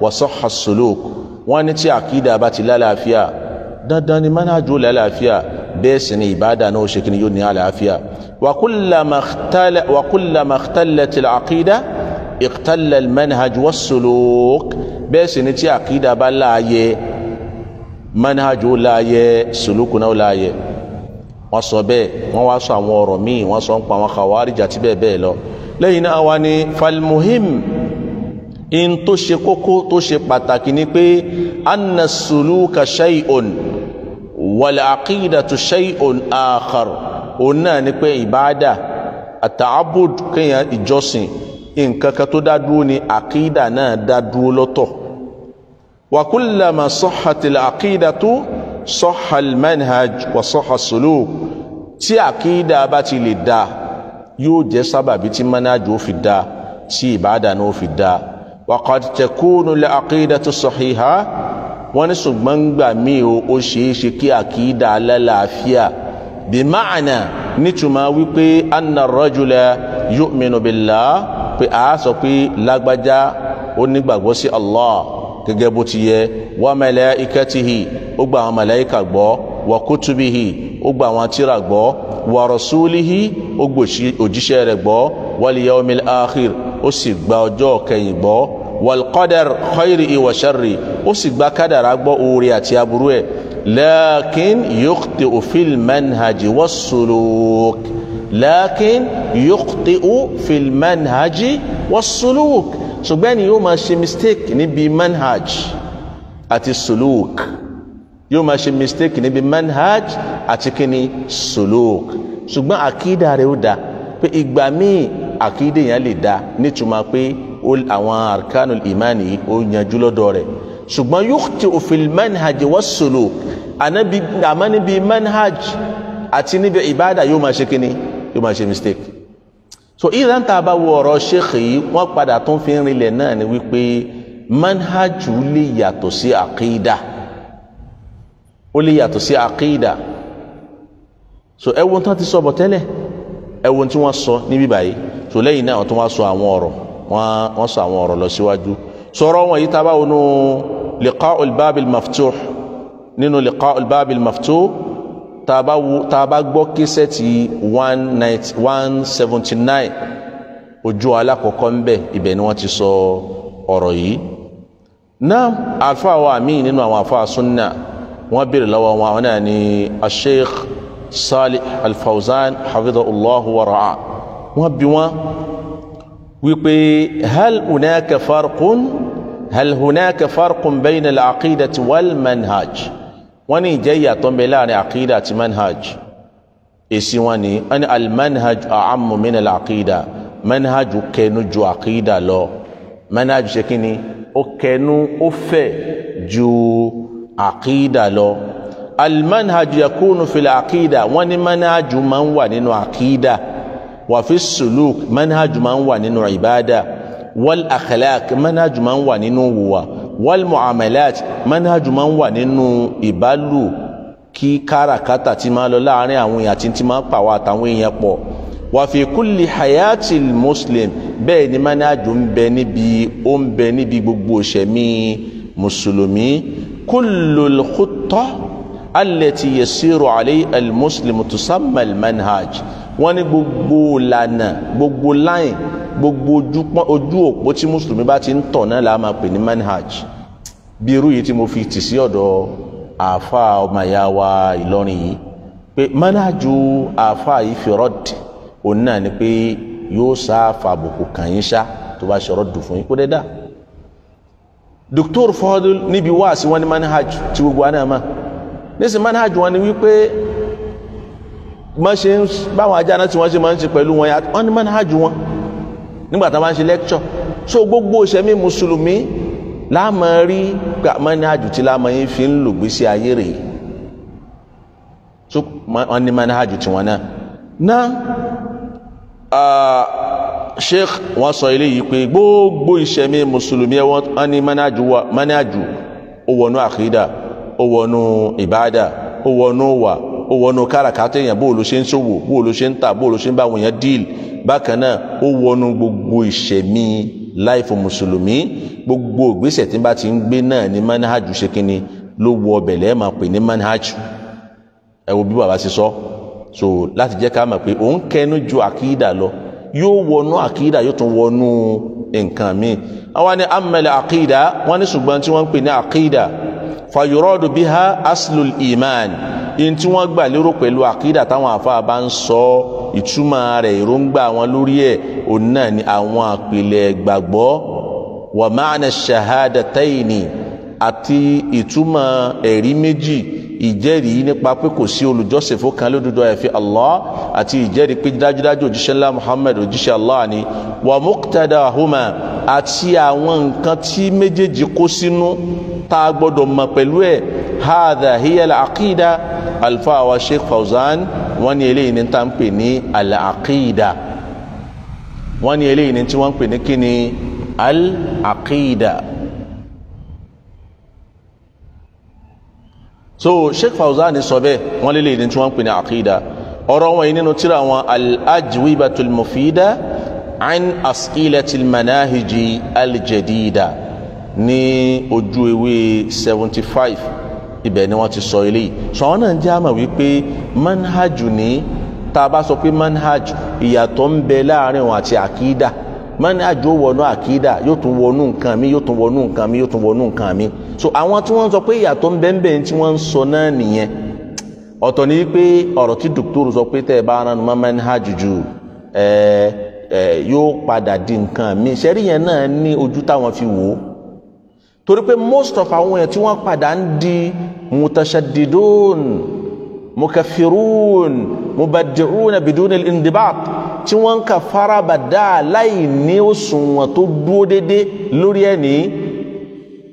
وصح السلوك وأن تي عقيدة بات لا لا فيها dandan ni manhaju lálàáfíà bẹ́ẹ̀ sì ni ìbáda náà ṣe kìíní yóò ní àlàáfíà wa kullama ikhtallat al-aqida ikhtalla al-manhaj was-suluk bẹ́ẹ̀ sì ni tí àkídà bá láàyè manhaju láàyè sùlùkù náà láàyè wọ́n sọ bẹ́ẹ̀ wọ́n wá sọ àwọn ọ̀rọ̀ míì wọ́n sọ ń pa àwọn khawarij àti bẹ́ẹ̀ bẹ́ẹ̀ lọ lẹ́yìn náà wá ní falmuhim in tó ṣe kókó tó ṣe pàtàkì ni pé anna suluka shay'un wal aqidatu shay'un akhar òun náà ni pé ìbáàdà àtàbùd kéèyàn ìjọsìn nǹkan kan tó dá dúró ni àkídà náà dá dúró lọ́tọ̀ wa kullama sahhatil aqidatu sọ́hal manhaj wà sọ́hal suluk tí àkídà bá ti lè da yóò jẹ́ sábàbí tí manhaj ó fi da tí ìbáàdà náà ó fi da wàkàtí tẹkùnù lẹ àkídà tó sọ̀híhá wọ́n ní ṣùgbọ́n gbà mí o ó ṣeé ṣe kí àkídà alálàáfíà bí máàna nítumọ̀ wípé anna rajula yu'minu billah pé àá pé lágbájá ó nígbàgbọ́ sí Allah gẹ́gẹ́ bó ti yẹ wa malaikatihi ó gba àwọn màláìkà gbọ́ wa kutubihi ó gba àwọn tírà gbọ́ wa rasulihi ó gba òjíṣẹ́ rẹ̀ gbọ́ wal yawmil akhir ó sì gba ọjọ́ kẹyìn gbọ́ wal qadar khayri wa sharri ó sì gba kádàrá gbọ́ oore àti aburú ẹ̀ lakin yukhti'u fil manhaji was suluk lakin yukhti'u fil manhaji was suluk ṣùgbọ́n ẹni yóò máa ṣe mistake níbi manhaj àti suluk yóò máa ṣe mistake níbi manhaj àti kíni suluk ṣùgbọ́n àkídà rẹ̀ ó da pé ìgbà míì àkídà yẹn lè da nítumọ̀ pé àwọn arkanul imani yìí ó yanjú lọ́dọ̀ rẹ̀ ṣùgbọ́n yukhti'u fil manhaj wa suluk àmọ́ níbi manhaj àti níbi ìbádà yóò máa ṣe kíni yóò máa ṣe mistake so ìdán tá a bá wo ọ̀rọ̀ ṣéèkì yìí wọ́n padà tún fi ń rinlẹ̀ náà ni wípé manhajú lè yàtọ̀ sí àkídà ó lè yàtọ̀ sí àkídà so ẹwọ́n tán ti sọ bọ̀ tẹ́lẹ̀ ẹwọ́n tí wọ́n sọ níbí báyìí so lẹ́yìn náà wọ́n tún wá sọ àwọn ọ̀rọ̀ wọ́n sọ àwọn ọ̀rọ̀ lọ síwájú sọ̀rọ̀ wọn yìí tá a bá wọnú liqa'ul babil maftuh nínú liqa'ul babil maftuh tá a bá wo tá a bá gbọ́ késẹ́tì one ninety one seventy nine ojú alákọ̀ọ́kọ́ ń bẹ̀ ibẹ̀ ni wọ́n ti sọ ọ̀rọ̀ yìí náà àlùfáà wa míì nínú àwọn àlùfáà sunna wọ́n béèrè lọ́wọ́ wọn àwọn náà ni asheikh salih alfawzan hafidhahullah wara'a wọ́n bi wọ́n wípé hal hunaka farqun hal hunaka farqun bayna al-aqidati wal manhaj wọ́n ní ìjẹ́ ìyàtọ̀ ń bẹ láàrin àkídà àti manhaj èsì wọn ni wọ́n ní almanhaj a'ammu min al-àkídà manhaj kẹnu ju àkídà lọ manhaj ṣe kí ni ó kẹnu ó fẹ̀ ju àkídà lọ almanhaj yakunu fil àkídà wọ́n ní manhaj máa ń wà nínú àkídà wà fi manhaj máa ń wà nínú ìbádà wal akhlaq manhaj máa ń wà nínú wùwà wal muamalat manhaj máa ń wà nínú ìbálò kí káràkátà ti máa lọ láàrin àwọn èèyàn àti ti máa ń pàwọ́ àtàwọn èèyàn pọ̀ wa fi kulli hayati muslim bẹ́ẹ̀ ni manhaj ń bẹ níbi ó ń bẹ níbi gbogbo ìṣẹ̀mí mùsùlùmí kullul khutta allati yasiru alayhi al manhaj wọ́n ní gbogbo lànà gbogbo láyìn gbogbo ojú òpó tí mùsùlùmí bá ti ń tọ̀ náà la máa pè ní manhaj bí irú yìí tí mo fi tì sí ọ̀dọ̀ àáfàá ọmọ ìyá wa Ìlọrin yìí pé manhaj àáfàá yìí fi rọ́ọ̀dì òun náà ni pé yóò sá fàbùkù kàn yín ṣá tó bá ṣọ̀rọ̀ dùn fún yín kó dẹ́dà Dr. Fadul níbi wáàsí wọn ní manhaj tí gbogbo àná máa nísìnyí manhaj wọn ni wípé báwọn ajá náà tí wọ́n ṣe máa ń ṣe pẹ̀lú wọn yá wọ́n ní manhaj wọn nígbà tá a bá ń ṣe lecture so gbogbo ìṣẹ̀mí mùsùlùmí láàmú rí mọ́ni àjùtí láàmú yín fi ń lògbèsè ayé rèé so wọ́n ní mọ́ni àjùtí wọn náà ná sheikh wọ́n sọ eléyìí pé gbogbo ìṣẹ̀mí mùsùlùmí wọ́n ní mọ́ni àjù ó wọnú àkídà ó wọnú ìbáàdà ó wọnú wà ó wọnú káràkátà èèyàn bó o ló ṣe ń ṣòwò bó o ló ṣe ń tà bó o ló ṣe ń bá àwọn èèyàn díìlì bákan náà ó wọnú gbogbo ìṣẹ̀mí láìfò mùsùlùmí gbogbo ìgbésẹ̀ tí n bá ti ń gbé náà ní manhaju ṣe kínni ló wọ ọbẹ̀ lẹ́ẹ̀ máa pè ní manhaju ẹ wo bí bàbá ṣe sọ so láti jẹ́ ká mọ̀ pé òun kẹnu ju àkídà lọ yóò wọnú àkídà yóò tún wọnú nǹkan míì àwọn ni amẹ́lẹ̀ àkídà wọ́n ní ṣùgbọ́n tí wọ́n ń pè ní àkídà fayurọ́dù biha aslul iman in tí wọ́n gbà lérò pẹ̀lú àkídà táwọn àfáà bá ń sọ ìtumọ̀ rẹ̀ èròǹgbà wọn lórí ẹ̀ òun náà ni àwọn àpìlẹ̀ gbàgbọ́ wa ma'na shahadataini àti ìtumọ̀ ẹ̀rí méjì ìjẹ́rìí nípa pé kò sí olùjọ́sìn fún kan lódodo àyàfi Allah àti ìjẹ́rìí pé dájúdájú òjíṣẹ́ ńlá Muhammad òjíṣẹ́ Allah ni wa muqtadahuma àti àwọn nǹkan tí méjèèjì kó sínú tá a gbọ́dọ̀ mọ̀ pẹ̀lú ẹ̀ hadha hiya al-aqida alfa wa Sheikh Fawzan wọ́n ní eléyìí ní tá ń pè ní al-aqida wọ́n ní eléyìí ní tí wọ́n ń pè ní kíni al-aqida. al aqida so sheikh fawzan sọ bẹ́ẹ̀ wọ́n lélẹ̀ ní tí wọ́n ń pè ní àkídà ọ̀rọ̀ wọn yìí nínú tíra wọn al-ajwibatul mufida an as'ilatil manahiji al-jadida ní ojú ewé seventy five ibẹ̀ ni wọ́n ti sọ eléyìí sọ wọn náà jẹ́ àmọ̀ wípé manhajù ní tá a bá sọ pé manhajù ìyàtọ̀ ń bẹ láàrin wọn àti àkídà mọ́ni àjò wọnú àkídà yóò tún wọnú nǹkan mi yóò tún wọnú nǹkan mi yóò tún wọnú nǹkan mi so àwọn tí wọ́n sọ pé ìyàtọ̀ ń bẹ́ẹ̀ tí wọ́n ń sọ náà nìyẹn ọ̀tọ̀ ni pé ọ̀rọ̀ tí dòkítọ́rù sọ pé tẹ́ ẹ bá ara nu mọ́ mọ́ni hajj ju ẹ ẹ yóò padà di nǹkan mi ṣẹ́rí yẹn náà ní ojú táwọn fi wò ó torí pé most of àwọn yẹn tí wọ́n padà ń di mutashadidun mukafirun mubadiun bidun indibat tí wọ́n ń kà farabàdà láì ní òṣùwọ̀n tó dúró dédé lórí ẹni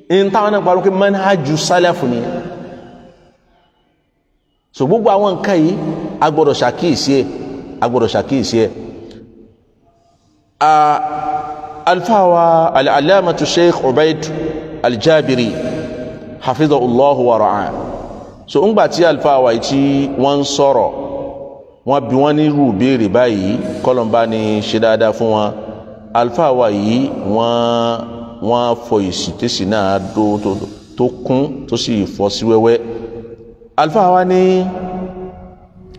ní táwọn náà parọ́ pé manhajú sálẹ̀fù ni so gbogbo àwọn nǹkan yìí a gbọ́dọ̀ ṣàkíyèsí ẹ̀ a gbọ́dọ̀ ṣàkíyèsí ẹ̀ alfawa ah, alamatu sheikh ubaid aljabiri hafizahullahu wa ra'a so ńgbà tí alfawa yìí tí wọ́n ń sọ̀rọ̀ wọ́n bi wọ́n ní irú béèrè báyìí kọ́lọ́mbà ni ṣe dáadáa fún wọn alfa wa yìí wọ́n wọ́n fọ èsì tẹ̀sí náà dó tó kún tó sì fọ́ sí wẹ́wẹ́ alfa wa ní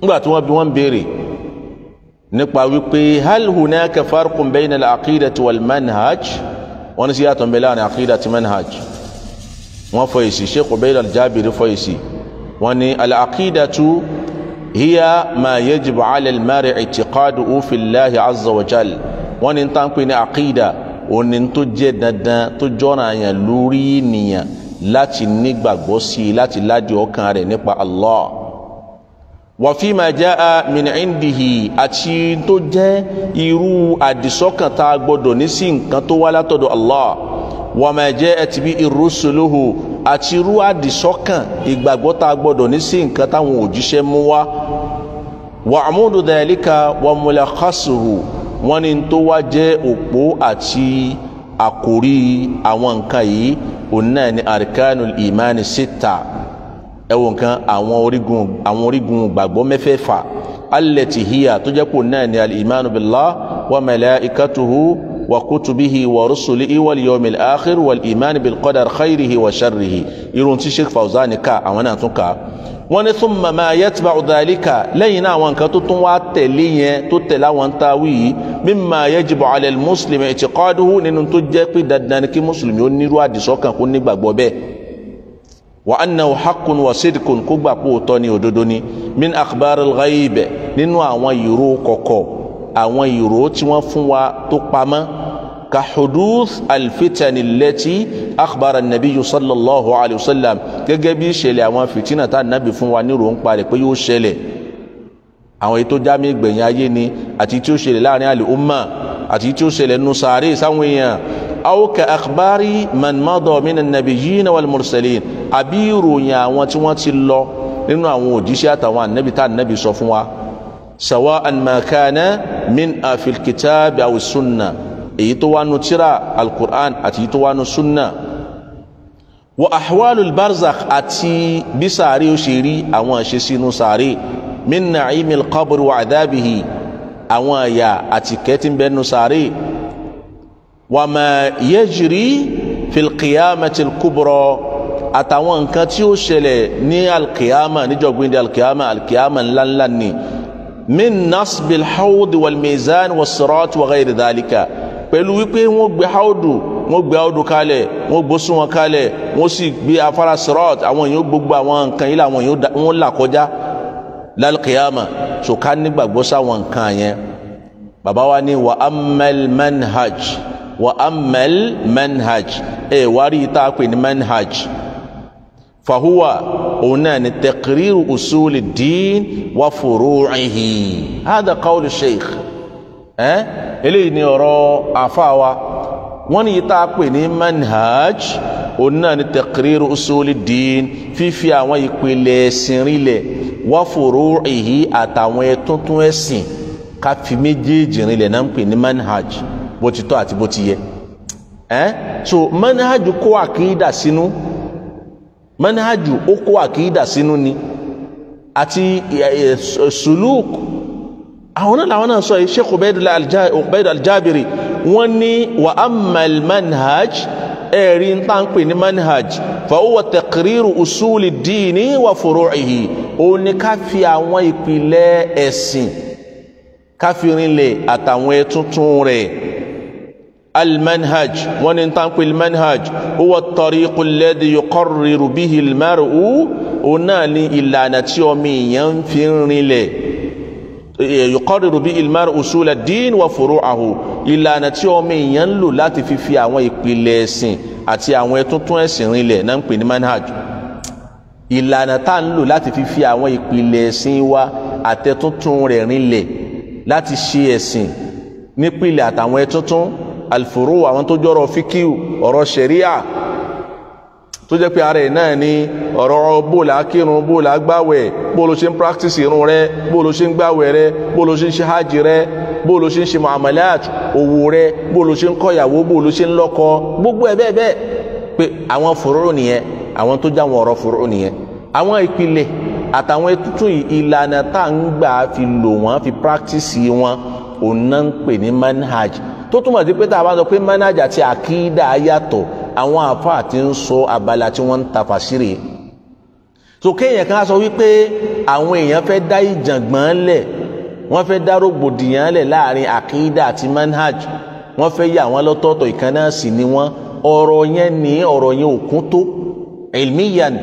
nígbà tí wọ́n bi wọ́n béèrè nípa wípé hal hunaka farqun bayna al-aqidati wal manhaj wọ́n ní sí yàtọ̀ ń bẹ láàrin aqidati manhaj wọ́n fọ èsì sheikh ubayl al fọ èsì wọ́n ní al-aqidatu hiya ma yajibu ala almari itiqadu ufillahi azza wa jal wọ́n ní tá ń pè ní àkìdá òní tó jẹ́ dandan tó jọra yẹn lórí nìyẹn láti nígbàgbọ́ sí i láti ládìí ọkàn rẹ̀ nípa allah wa fi ma jaa min indihi àti tó jẹ́ irú àdìsọ́kàn tá a gbọ́dọ̀ ní sí nǹkan tó wá látọ̀dọ̀ allah wa ma jaat bi irusuluhu àti irú àdìsọ́kàn ìgbàgbọ́ tá a gbọ́dọ̀ ní sí nǹkan táwọn òjíṣẹ́ mú wá wà àmúdù dàlíkà wà múlẹ̀ kásìrò wọn ni tó wá jẹ́ òpó àti àkórí àwọn nǹkan yìí òun náà ni àríkánù ìmánì síta ẹwọ nǹkan àwọn orígun gbàgbọ́ mẹ́fẹ̀ẹ̀fà allati hiya tó jẹ́ pé òun náà ni al-imanu billah wa malaikatuhu وكتبه ورسله واليوم الآخر والإيمان بالقدر خيره وشره يرون تشيك فوزان كا أونا تنكا وان ثم ما يتبع ذلك لينا وان كتتوا تلي تتلا وان تاوي مما يجب على المسلم اعتقاده نن تجيك ددان كي مسلم ينيرو ادي سوكان كون نيغباغبو بي وأنه حق وصدق كوبا توني ودودوني من أخبار الغيب ننو أوان يرو كوكو àwọn ìró tí wọ́n fún wa tó pamọ́ ka huduth alfitani lẹ́tí akhbara nabiyu sallallahu alayhi wa sallam gẹ́gẹ́ bí ìṣẹ̀lẹ̀ àwọn fìtínà tá nàbì fún wa nírò ń parẹ̀ pé yóò ṣẹlẹ̀ àwọn èyí tó já mi gbẹ̀yìn ayé ni àti tí ó ṣẹlẹ̀ láàrin àlè umma àti tí ó ṣẹlẹ̀ nù sàárè sáwọn èèyàn aw ka akhbari man madha mina nabiyyin wal mursalin àbí ìròyìn àwọn tí wọ́n ti lọ nínú àwọn òjíṣẹ́ àtàwọn ànábì tá ànábì sọ fún wa sawa'an ma kana min afil kitabi aw sunna èyí tó wà nù tírà alukur'an àti èyí tó wà nù sunna wa ahwalul barzakh àti bí sàárè ó ṣe rí àwọn àṣeṣe inú sàárè min na'imil qabri wa adabihi àwọn àyà àti kẹ́tì ń bẹ́ẹ̀ nù wa ma yajri fil qiyamati al-kubra àtàwọn nǹkan tí ó ṣẹlẹ̀ ní alkiyama níjọ́gbìn di alkiyama alkiyama ńláńlá ni. Al min nasbil hawd wal mizan was sirat wa ghayr dhalika pẹ̀lú wípé wọ́n gbé hawdu wọ́n gbé hawdu kalẹ̀ wọ́n gbó sunwọ̀n kalẹ̀ wọ́n sì gbé afárá sirat àwọn èèyàn gbogbo àwọn nǹkan yìí làwọn èèyàn wọ́n là kọjá lálùkìyàmà so ká nígbàgbọ́ sáwọn nǹkan yẹn bàbá wa ní wa amal manhaj wa amal manhaj ẹ̀ wárí tá pè ní manhaj fahuwa òun náà ni taqriru usuli din wa furu'ihi hada qawlu sheikh ẹ eléyìí ni ọ̀rọ̀ àfàwà wọ́n ní yìí pè ní manhaj òun náà ni taqriru usuli din fífi àwọn ìpìlẹ̀ ẹ̀sìn rinlẹ̀ wa furu'ihi àtàwọn ẹ̀túntún ẹ̀sìn ká méjèèjì rinlẹ̀ náà ń pè ní manhaj bó ti tọ́ àti bó ti yẹ ẹ́ so manhaj kó àkídà sínú manhajù ó kó àkìdá sínú ni àti suluk àwọn náà làwọn náà sọ yìí sheikh ubaid aljabiri wọ́n ní wa amal manhaj ẹ̀rí ń tán pè ní manhaj fa huwa taqriru usuli dini wa furu'ihi òun ni ká fi àwọn ìpìlẹ̀ ẹ̀sìn ká fi rinlẹ̀ àtàwọn ẹ̀túntún rẹ̀ المنهج وننطق المنهج هو الطريق الذي يقرر به المرء ونالي إلا نتيوميا في رلي يقرر به المرء أصول الدين وفروعه ìlànà tí ọmọ eh, èèyàn ń lò láti fi fi àwọn ìpìlẹ̀ ẹ̀sìn àti àwọn ẹ̀túntún ẹ̀sìn rinlẹ̀ náà ń pè ní manhaj ìlànà tá à ń lò láti fi fi àwọn ìpìlẹ̀ ẹ̀sìn wa àtẹ̀túntún rẹ̀ rinlẹ̀ láti ṣe ẹ̀sìn nípìlẹ̀ àtàwọn ẹ̀túntún alfuru àwọn tó jọrọ fíkíù ọ̀rọ̀ ṣẹ̀ríà tó jẹ́ pé ara ẹ̀ náà ni ọ̀rọ̀ bóòlù akírun bóòlù agbáwẹ̀ bóòlù ṣe ń practice irun rẹ bóòlù ṣe ń gbáwẹ̀ rẹ bóòlù ṣe ń ṣe hajj rẹ bóòlù ṣe ń ṣe muamalat òwò rẹ bóòlù ṣe ń kọyàwó bóòlù ṣe ń lọ́kọ gbogbo ẹ̀ bẹ́ẹ̀ bẹ́ẹ̀ pé àwọn fòróró nìyẹn àwọn tó já wọn ọ̀rọ̀ fòróró nìyẹn àwọn ìpìlẹ̀ àtàwọn ètùtù ìlànà tá à ń gbà fi lò wọ́n fi practice wọn òun náà ń pè ní manhaj tó túmọ̀ sí pé tá a bá sọ pé mánájà ti àkídà yàtọ̀ àwọn àfáà ti ń sọ abala tí wọ́n ń ta fàṣírè so kéèyàn kan á sọ wípé àwọn èèyàn fẹ́ dá ìjàngbọ̀n lẹ̀ wọ́n fẹ́ dá rògbòdìyàn lẹ̀ láàrin àkídà àti manhaj wọ́n fẹ́ yà wọ́n lọ́tọ̀ọ̀tọ̀ ìkan náà sì ni wọ́n ọ̀rọ̀ yẹn ní ọ̀rọ̀ yẹn òkun tó ilmiyan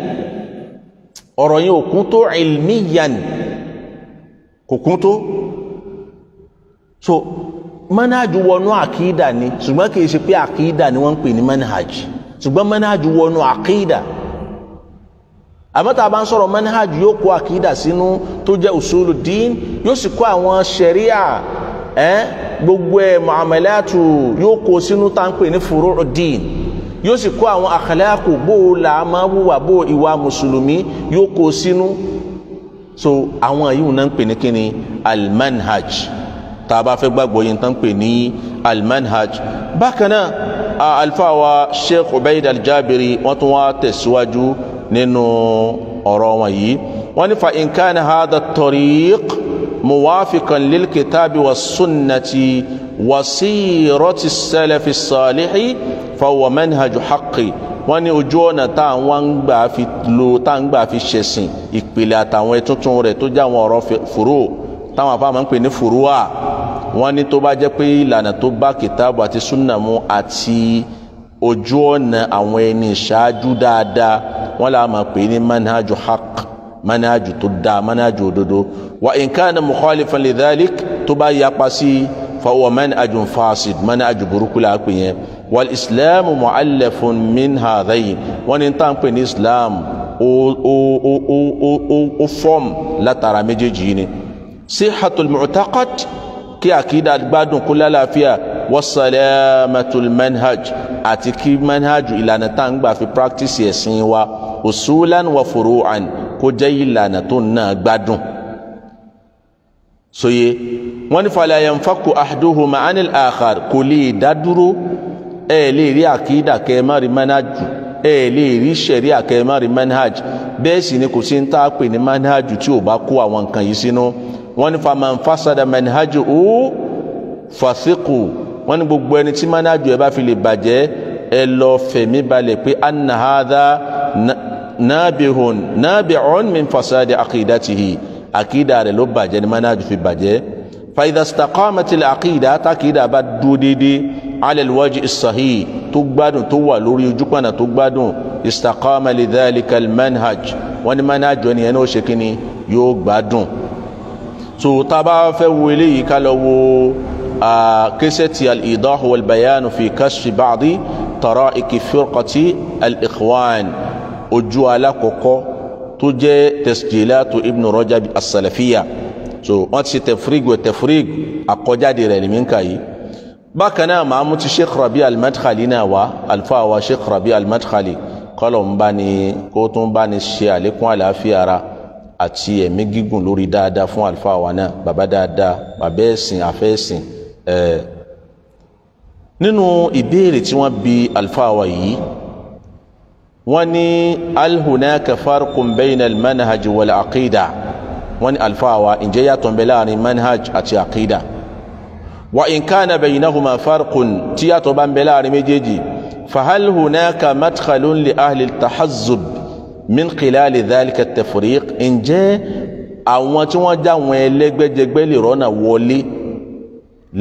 ọ̀rọ̀ yẹn òkun tó ilmiyan kò kún tó so manhaju wọnú àkídà ni ṣùgbọ́n kì í ṣe pé àkídà ni wọ́n ń pè ní manhaj ṣùgbọ́n manhaju wọnú àkídà àmọ́ tá a bá ń sọ̀rọ̀ manhaj yóò kó àkídà sínú tó jẹ́ usulu dín yóò sì kó àwọn ṣẹ̀ríà ẹ́n gbogbo ẹ̀ muamalatu yóò kó sínú tá à ń pè ní furu' dín yóò sì kó àwọn akhlaqu bó o là á máa wùwà bó ìwà mùsùlùmí yóò kó sínú so àwọn yìí wọn ń pè ní kíni al tá a bá fẹ́ gbàgbọ́ yẹn tán pè ní almanhaj bákan náà alfa wa sheikh ubaid aljabiri wọ́n tún wá tẹ̀síwájú nínú ọ̀rọ̀ wọn yìí wọ́n ní fa in kana hadha tariq muwafiqan lil kitabi wa sunnati wa sirati salafi salihi fa huwa manhaju haqqi wọ́n ní ojú ọ̀nà tá ń gbà fi lo tá ń gbà fi ṣẹ̀sìn ìpìlẹ̀ àtàwọn ẹ̀túntún rẹ̀ tó jẹ́ àwọn ọ̀rọ̀ fòró táwọn afáàmọ́ ń pè ní fòrúwà wọ́n ní tó bá jẹ́ pé ìlànà tó bá kìtàbù àti súnà mu àti ojú ọ̀nà àwọn ẹni ìṣáájú dáadáa wọ́n là máa pè é ní manhaju haq manhaju tó dáa manhaju òdodo wa in kana mukhalifan tó bá yapa sí i fahuwa manhajun fasid burúkú là pè yẹn wal islam mu'allafun min hadhayn wọ́n ní tán pè ní islam ó fọ́ọ̀mù látara méjèèjì ni sihatul mu'taqad kí àkídà gbádùn kó lálàáfíà wasalamatul manhaj àti kí manhaj ìlànà tá à ń gbà fi practice ẹ̀sìn wa usulan wa furu'an kó jẹ́ ìlànà tó náà gbádùn soye wọ́n ní fala yanfaku ahduhuma anil akhar kò lè dádúró ẹ lè rí àkídà kẹmà manhaj ẹ lè rí ṣẹ̀ríà kẹmà manhaj bẹ́ẹ̀ sì ni kò sí ń tá a ní manhaj tí ò bá kó àwọn nǹkan yìí sínú. No? wọ́n ní faman fasada manhajú u fasiku wọ́n ní gbogbo ẹni tí manhajú ẹ bá fi lè bàjẹ́ ẹ lọ fẹ̀mí balẹ̀ pé anna hadha nabihun nabihun min fasadi akidatihi akida rẹ̀ ló bàjẹ́ ni manhajú fi bàjẹ́ fàyidà stakọ́mẹtì àkìdá takìdá bá dúró déédéé alẹ́lùwájú tó gbádùn tó wà lórí ojúpọ̀nà tó gbádùn istakọ́mẹlì dhalika manhaj wọn ni ẹni ó ṣe kínní yóò gbádùn so tá a bá fẹ́ wo eléyìí ká lọ wo kẹsẹ̀tì al-idah wal-bayan fi kashfi ba'di tara'iki firqati al-ikhwan ojú alákọ̀ọ́kọ́ tó jẹ́ tasjilatu ibn rajab as-salafiyya so wọ́n ti ṣe tafrig wẹ̀ tafrig àkọ́jáde rẹ̀ ní mínka yìí bákan náà màá ti sheikh rabi al-madkhali náà wá alfa sheikh rabi al-madkhali kọ́lọ̀ ń bá ní kó tún bá ní àti ẹ̀mí gígùn lórí dáadáa fún àlùfáà wa náà bàbá dáadáa bàbá ẹ̀sìn àfẹ́sìn ẹ̀ẹ́ nínú ìbéèrè tí wọ́n bi àlùfáà wa yìí wọ́n ní alhunaka farqun bayna almanhaj wal aqida wọ́n ní àlùfáà wa ǹjẹ́ yàtọ̀ ń bẹ láàrin manhaj àti aqida wa in kana baynahuma farqun tí yàtọ̀ bá ń láàrin méjèèjì fahal hunaka madkhalun li ahli tahazzub min qilali dhalika tafriq ǹjẹ́ àwọn tí wọ́n já wọn ẹlẹ́gbẹ́jẹgbẹ́ lè rọ́nà wọlé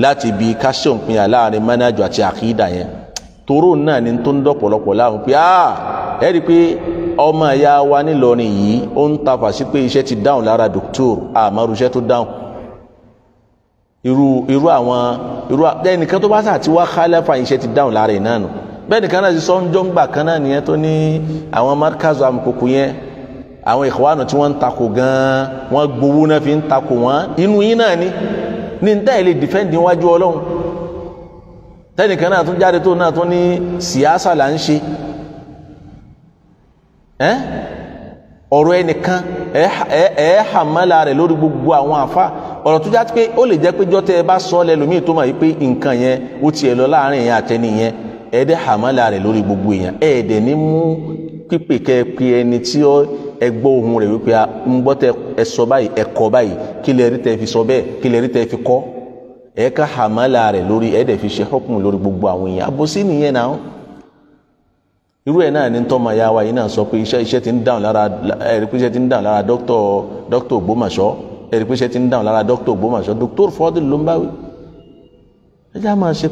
láti ibi káṣíọ̀ ń pinya láàrin mẹ́nájọ àti àkídà yẹn toró náà ni tó ń dọ̀pọ̀lọpọ̀ láàrún pé ah ẹ rí i pé ọmọ ìyá wa nílọrin yìí ó ń ta fàṣí pé iṣẹ́ ti dáhùn lára dòkítọ́rù àmọ́rú iṣẹ́ tó dáhùn irú irú àwọn irú ẹnìkan tó bá sà ti wá kálẹ́fà iṣẹ́ ti dáhùn lára ẹ̀ náà nù bẹ́ẹ̀ nìkan náà ti sọ ń jọ́ngbà kan náà nìyẹn tó ní àwọn markazu amukoko yẹn àwọn ìkọ̀wánu tí wọ́n ń takò gan-an wọ́n gbowó náà fi ń takò wọ́n inú yín náà ni ní n táyà lè dìfẹ́ǹdì wájú ọlọ́run tẹ́nìkan náà tún jáde tó náà tún ní síyáṣà là ń ṣe ọ̀rọ̀ ẹnìkan ẹ̀ hàmálà rẹ̀ lórí gbogbo àwọn àfa ọ̀rọ̀ tó jáde pé ó lè jẹ́ pé jọ́tẹ́ bá sọ ọ́ lẹ́lòmíì tó mọ̀ yìí pé nǹkan yẹn ó tiẹ̀ lọ láàrin yẹn àtẹnìyẹn ẹ̀ẹ́dẹ́ hàmálà rẹ̀ lórí gbogbo èèyàn ẹ̀ẹ́dẹ́ ní mú pípè kẹ́ ẹ pe ẹni tí ọ ẹgbọ́ ohun re wípé ń gbọ́ tẹ ẹ sọ báyìí ẹ kọ báyìí kí lè rí tẹ fi sọ bẹ́ẹ̀ kí lè rí tẹ fi kọ́ ẹ̀ẹ́ka hàmálà rẹ̀ lórí ẹ̀ẹ́dẹ́ fi ṣe hukmu lórí gbogbo àwọn èèyàn àbòsí nìyẹn ni ya wa yìí náà sọ pé iṣẹ́ iṣẹ́ ti ń dáhùn lára pé ti ń dáhùn lára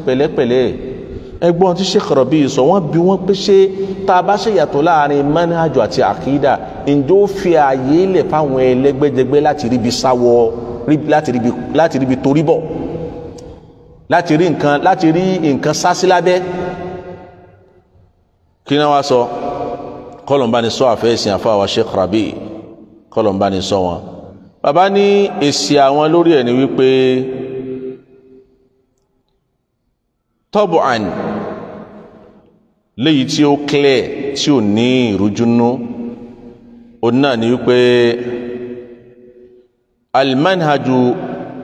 pé ti ń ẹgbọ́n tí Sheikh Rabi sọ wọ́n bi wọ́n pé ṣé tá a bá ṣe yàtọ̀ láàrin manhaj àti àkídà ǹjẹ́ ó fi ààyè lẹ̀ fáwọn ẹlẹ́gbẹ́jẹgbẹ́ láti ríbi sáwọ láti ríbi torí bọ̀ láti rí nǹkan láti rí nǹkan sásí lábẹ́ kí náà wá sọ kọlọ̀mbani sọ àfẹ́sìn àfáwà Sheikh Rabi kọlọ̀mbani sọ wọn bàbá ní èsì àwọn lórí ẹ̀ ni wípé. tọ́bùán léyìí tí ó clear tí ò ní ìrújúnú òun náà ni wípé almanhaju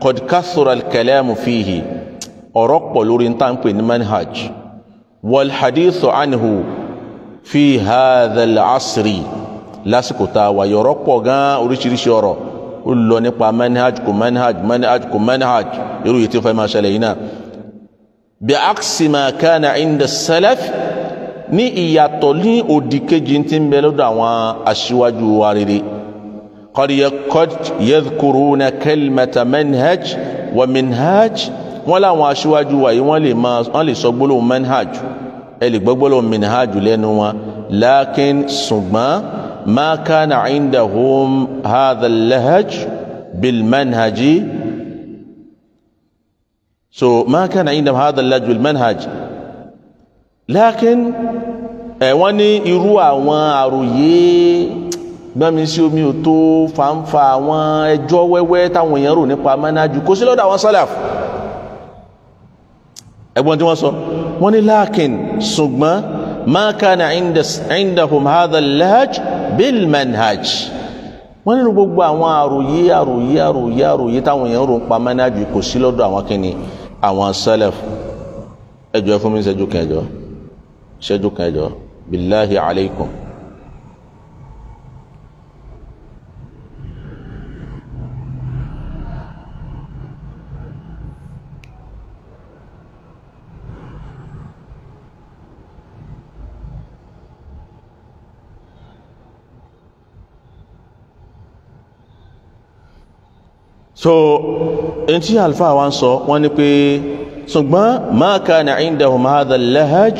qad kathura alkalamu fihi ọ̀rọ̀ pọ̀ lórí ń tàn pè ní manhaj wal hadithu anhu fi hadha al-asri lásìkò tá a wà yọ̀rọ̀ pọ̀ gan oríṣiríṣi ọ̀rọ̀ ó lọ nípa manhaj kò manhaj manhaj kò manhaj irú yìí tí ó fẹ́ máa ṣẹlẹ̀ yìí náà bí aksima kana inda salaf ní ìyàtọ̀ ní òdì kejì tí ń bẹ lọ́dọ̀ àwọn aṣíwájú wa rere kọ́díyẹ́kọ́d yẹ́dkuruna kẹlmẹta manhaj wa minhaj wọn láwọn aṣíwájú wa yìí wọ́n lè sọ gbólóhùn manhaj ẹ lè gbọ́ gbólóhùn minhaj lẹ́nu wọn lákin ṣùgbọ́n ma kana indahum hadha al-lahaj bil so ما كان عندهم هذا اللجو المنهج لكن wọ́n ní وان àwọn àròyé gbẹ́mi sí omi ò tó fàǹfà àwọn ẹjọ́ wẹ́wẹ́ táwọn èèyàn rò nípa manájú kò sí lọ́dọ̀ àwọn sálàf ẹgbọ́n tí wọ́n sọ wọ́n ní láàkín ṣùgbọ́n ma kana indahum hadha al-lahj bil manhaj wọ́n nínú gbogbo àwọn àròyé àròyé àròyé àròyé táwọn èèyàn rò nípa manájú kò sí lọ́dọ̀ àwọn kìnnìkan àwọn salaf ẹjọ́ fún mi ṣẹ́jú kan ẹjọ́ ṣẹ́jú kan ẹjọ́ so in tí alfa wa ń sọ wọ́n ní pé ṣùgbọ́n ma kana indahum hadha al-lahaj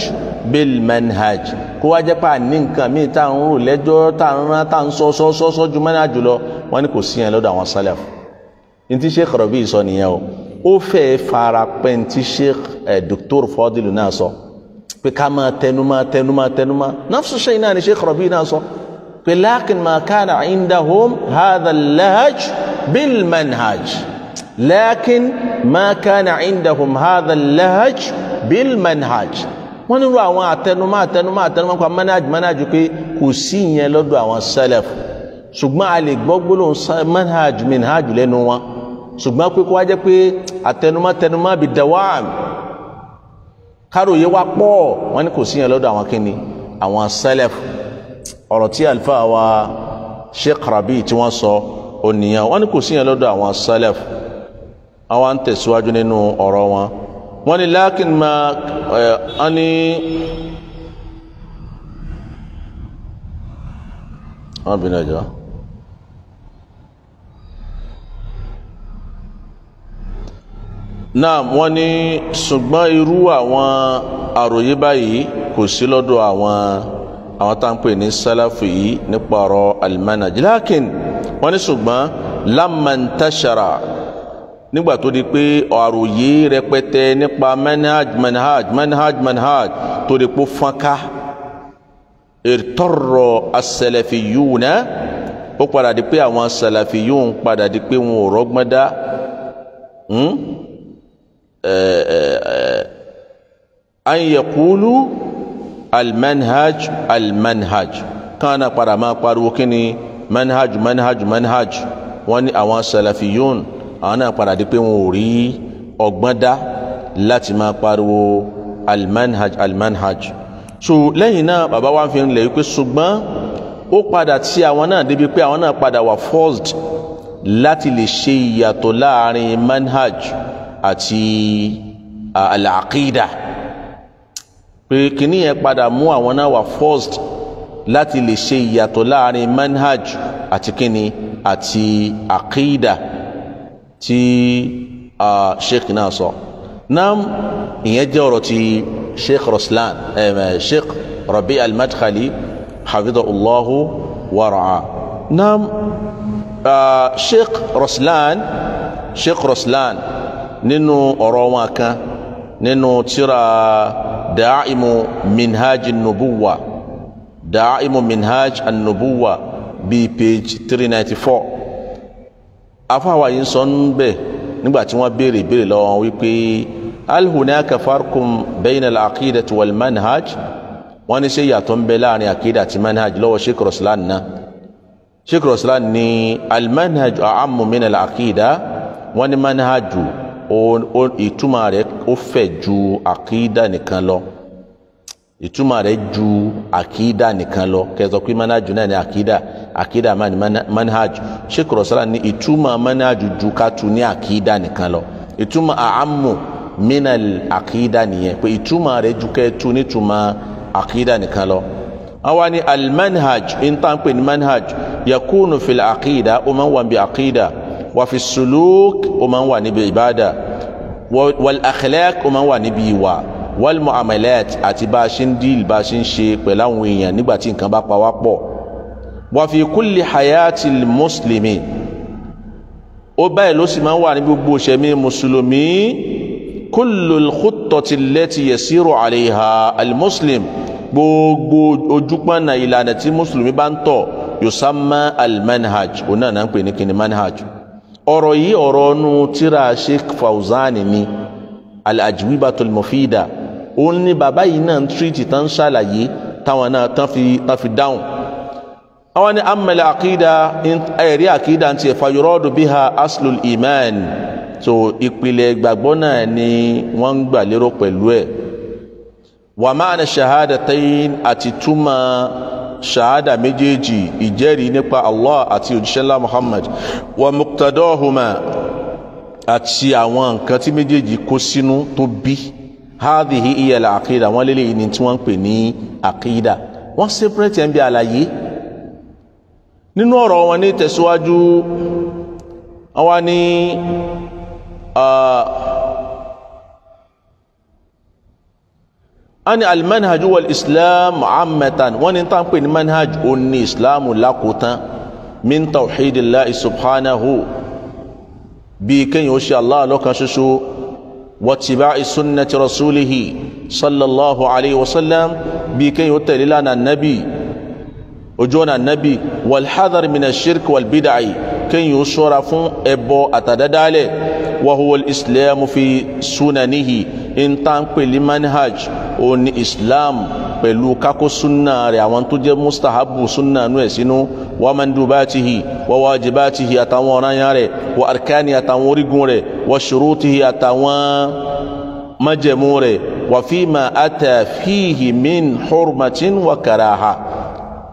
bil manhaj kó wá jẹ́ pa ní nǹkan míì tá à ń rò lẹ́jọ́ tá à ń rán tá à ń sọ sọ sọ sọ ju mẹ́rin àjùlọ wọ́n ní kò sí yẹn lọ́dọ̀ àwọn salaf ní tí Sheikh Rabi sọ nìyẹn o ó fẹ́ fara pẹ́ ní tí Sheikh eh, Dr. Fadilu náà sọ pé ká máa tẹnumọ́ tẹnumọ́ tẹnumọ́ nafsu shay náà ni Sheikh Rabi náà So pé ما كان عندهم هذا اللهج بالمنهج، لكن ما كان عندهم هذا اللهج بالمنهج. lahaj bil manhaj wọ́n nílò àwọn àtẹnumọ́ àtẹnumọ́ àtẹnumọ́ pa manhaj manhaj pé kò sí ìyẹn lọ́dọ̀ àwọn salaf ṣùgbọ́n a lè gbọ́ gbólóhùn manhaj minhaj lẹ́nu wọn ṣùgbọ́n pé kó wá jẹ́ pé àtẹnumọ́ tẹnumọ́ bi dawam káròyé wá pọ̀ wọ́n ní kò sí ìyẹn lọ́dọ̀ àwọn kíni àwọn salaf ọ̀rọ̀ tí àlùfáà wa Sheikh Rabi tí wọ́n sọ ònìyàn wọ́n ní kò síyàn lọ́dọ̀ àwọn salaf àwọn à ń tẹ̀síwájú nínú ọ̀rọ̀ wọn wọ́n ní lákìn máa ẹ̀ ní wọ́n bí náà jọ. náà wọ́n ní ṣùgbọ́n irú àwọn àròyé báyìí kò sí lọ́dọ̀ àwọn àwọn tá à ń pè ní sálàfù yìí nípa ọ̀rọ̀ almanaj lakin wọ́n ní ṣùgbọ́n lamantashara nígbà tó di pé àròyé rẹpẹtẹ nípa manhaj manhaj manhaj manhaj tó di pé fọ́nká ìtọ́rọ̀ as-salafiyuna ó padà di pé àwọn salafiyun padà di pé wọn ò rọ́gbọ́n dá hmm? an yaqulu almanhaj almanhaj kánà padà máa pariwo kí ni manhaj manhaj manhaj wọ́n ní àwọn salafiyun àwọn náà padà di pé wọn ò rí ọgbọ́n dá láti máa pariwo almanhaj almanhaj so lẹ́yìn náà bàbá wa fi ń lẹ̀ wípé ṣùgbọ́n ó padà tí àwọn náà débi pé àwọn náà padà wà forced láti lè ṣe ìyàtọ̀ láàrin manhaj àti al-aqida pé kínní yẹn padà mú àwọn náà wà first láti lè ṣe ìyàtọ̀ láàrin manhaj àti kínní àti àkídà tí sheikh náà sọ nam ìyẹn jẹ́ ọ̀rọ̀ ti sheikh Ruslan eh, sheikh Rabi al-Madkhali hafidhahullahu wara'a nam sheikh Ruslan sheikh Ruslan nínú ọ̀rọ̀ wọn kan nínú tírà. داعم منهاج النبوة داعم منهاج النبوة بي page 394 afáwa yìí sọ ń bẹ̀ nígbà tí wọ́n béèrè béèrè lọ́wọ́ wípé hal hunaka farqun bayna al-aqidati wal manhaj wọ́n ní ṣe yàtọ̀ ń bẹ láàrin àkídà àti manhaj lọ́wọ́ sheikh rasulan náà sheikh rasulan ní al-manhaj a'ammu min al-aqida wọ́n manhaju ìtumọ̀ rẹ̀ ó fẹ̀ ju àkídà nìkan lọ ìtumọ̀ rẹ̀ ju àkídà nìkan lọ kẹsọ pé manhaju náà ní àkídà àkídà máa ní manhaju sheikh rọ̀sálà ní ìtumọ̀ manhaju ju kátó ní àkídà nìkan lọ ìtumọ̀ àámù minal àkídà nìyẹn pé ìtumọ̀ rẹ̀ ju kẹ́tù nítumọ̀ àkídà nìkan lọ awa ni al manhaj in tan pè yakunu fil àkídà ó máa ń wà bí wa fi suluk ó máa ń wà níbi ìbáàdà wal akhlaq ó máa ń wà níbi ìwà wal muamalat àti bá a ṣe ń díìl bá a ṣe ń ṣe pẹ̀lú àwọn èèyàn nígbà tí nǹkan bá pa wá pọ̀ wa fi kulli hayati muslimi ó báyìí ló sì máa ń wà ní gbogbo ìṣẹ̀mí mùsùlùmí kullu al-khuttati allati yasiru alayha gbogbo ojúpọ̀nà ìlànà tí mùsùlùmí bá ń tọ̀ yusamma al-manhaj náà ń pè ní kíni manhaj ọ̀rọ̀ yìí ọ̀rọ̀ ọnu tíra sheikh fauzani ni al-ajwibatul mufida ó ní bàbá yìí náà ń tírìtì tán ṣàlàyé táwọn náà tán fi tán fi dáhùn àwọn ni amẹlẹ akida ẹrí akida ti ẹfa yọrọọdù biha aslul iman so ìpìlẹ̀ gbàgbọ́ náà ni wọ́n ń gbà lérò pẹ̀lú ẹ̀ wàmánà shahadatayn àti túmọ̀ Shahada méjèèjì ìjẹ́rìí nípa Allah àti òjíṣẹ́lá Muhammad wa muqtadahuma àti àwọn nǹkan tí méjèèjì kó sínú tó bí hadhihi iyal aqida wọn lélẹ́yìn ni tí wọ́n ń pè ní aqida wọ́n separate ẹ̀ ń bí àlàyé nínú ọ̀rọ̀ wọn ní tẹ̀síwájú àwọn ni. Uh, أني المنهج هو الإسلام عامة وأن المنهج أني إسلام لاكوتا من توحيد الله سبحانه بكن يوشي الله لو كان شوشو واتباع سنة رسوله صلى الله عليه وسلم بكن لنا النبي وجونا النبي والحذر من الشرك والبدع كن يوشورا فون إبو أتادادالي وهو الإسلام في سننه إن تنقل المنهج منهج ó ní islam pẹ̀lú kákó súnà rẹ̀ àwọn tó jẹ́ mustahabu súnà nú ẹ̀ sínú wa mandubatihi wa wajibatihi àtàwọn ọ̀ranyàn rẹ̀ wa arkani àtàwọn orígun rẹ̀ wa shurutihi àtàwọn májẹ̀mú rẹ̀ wa fima ata fihi min hurmatin wa karaha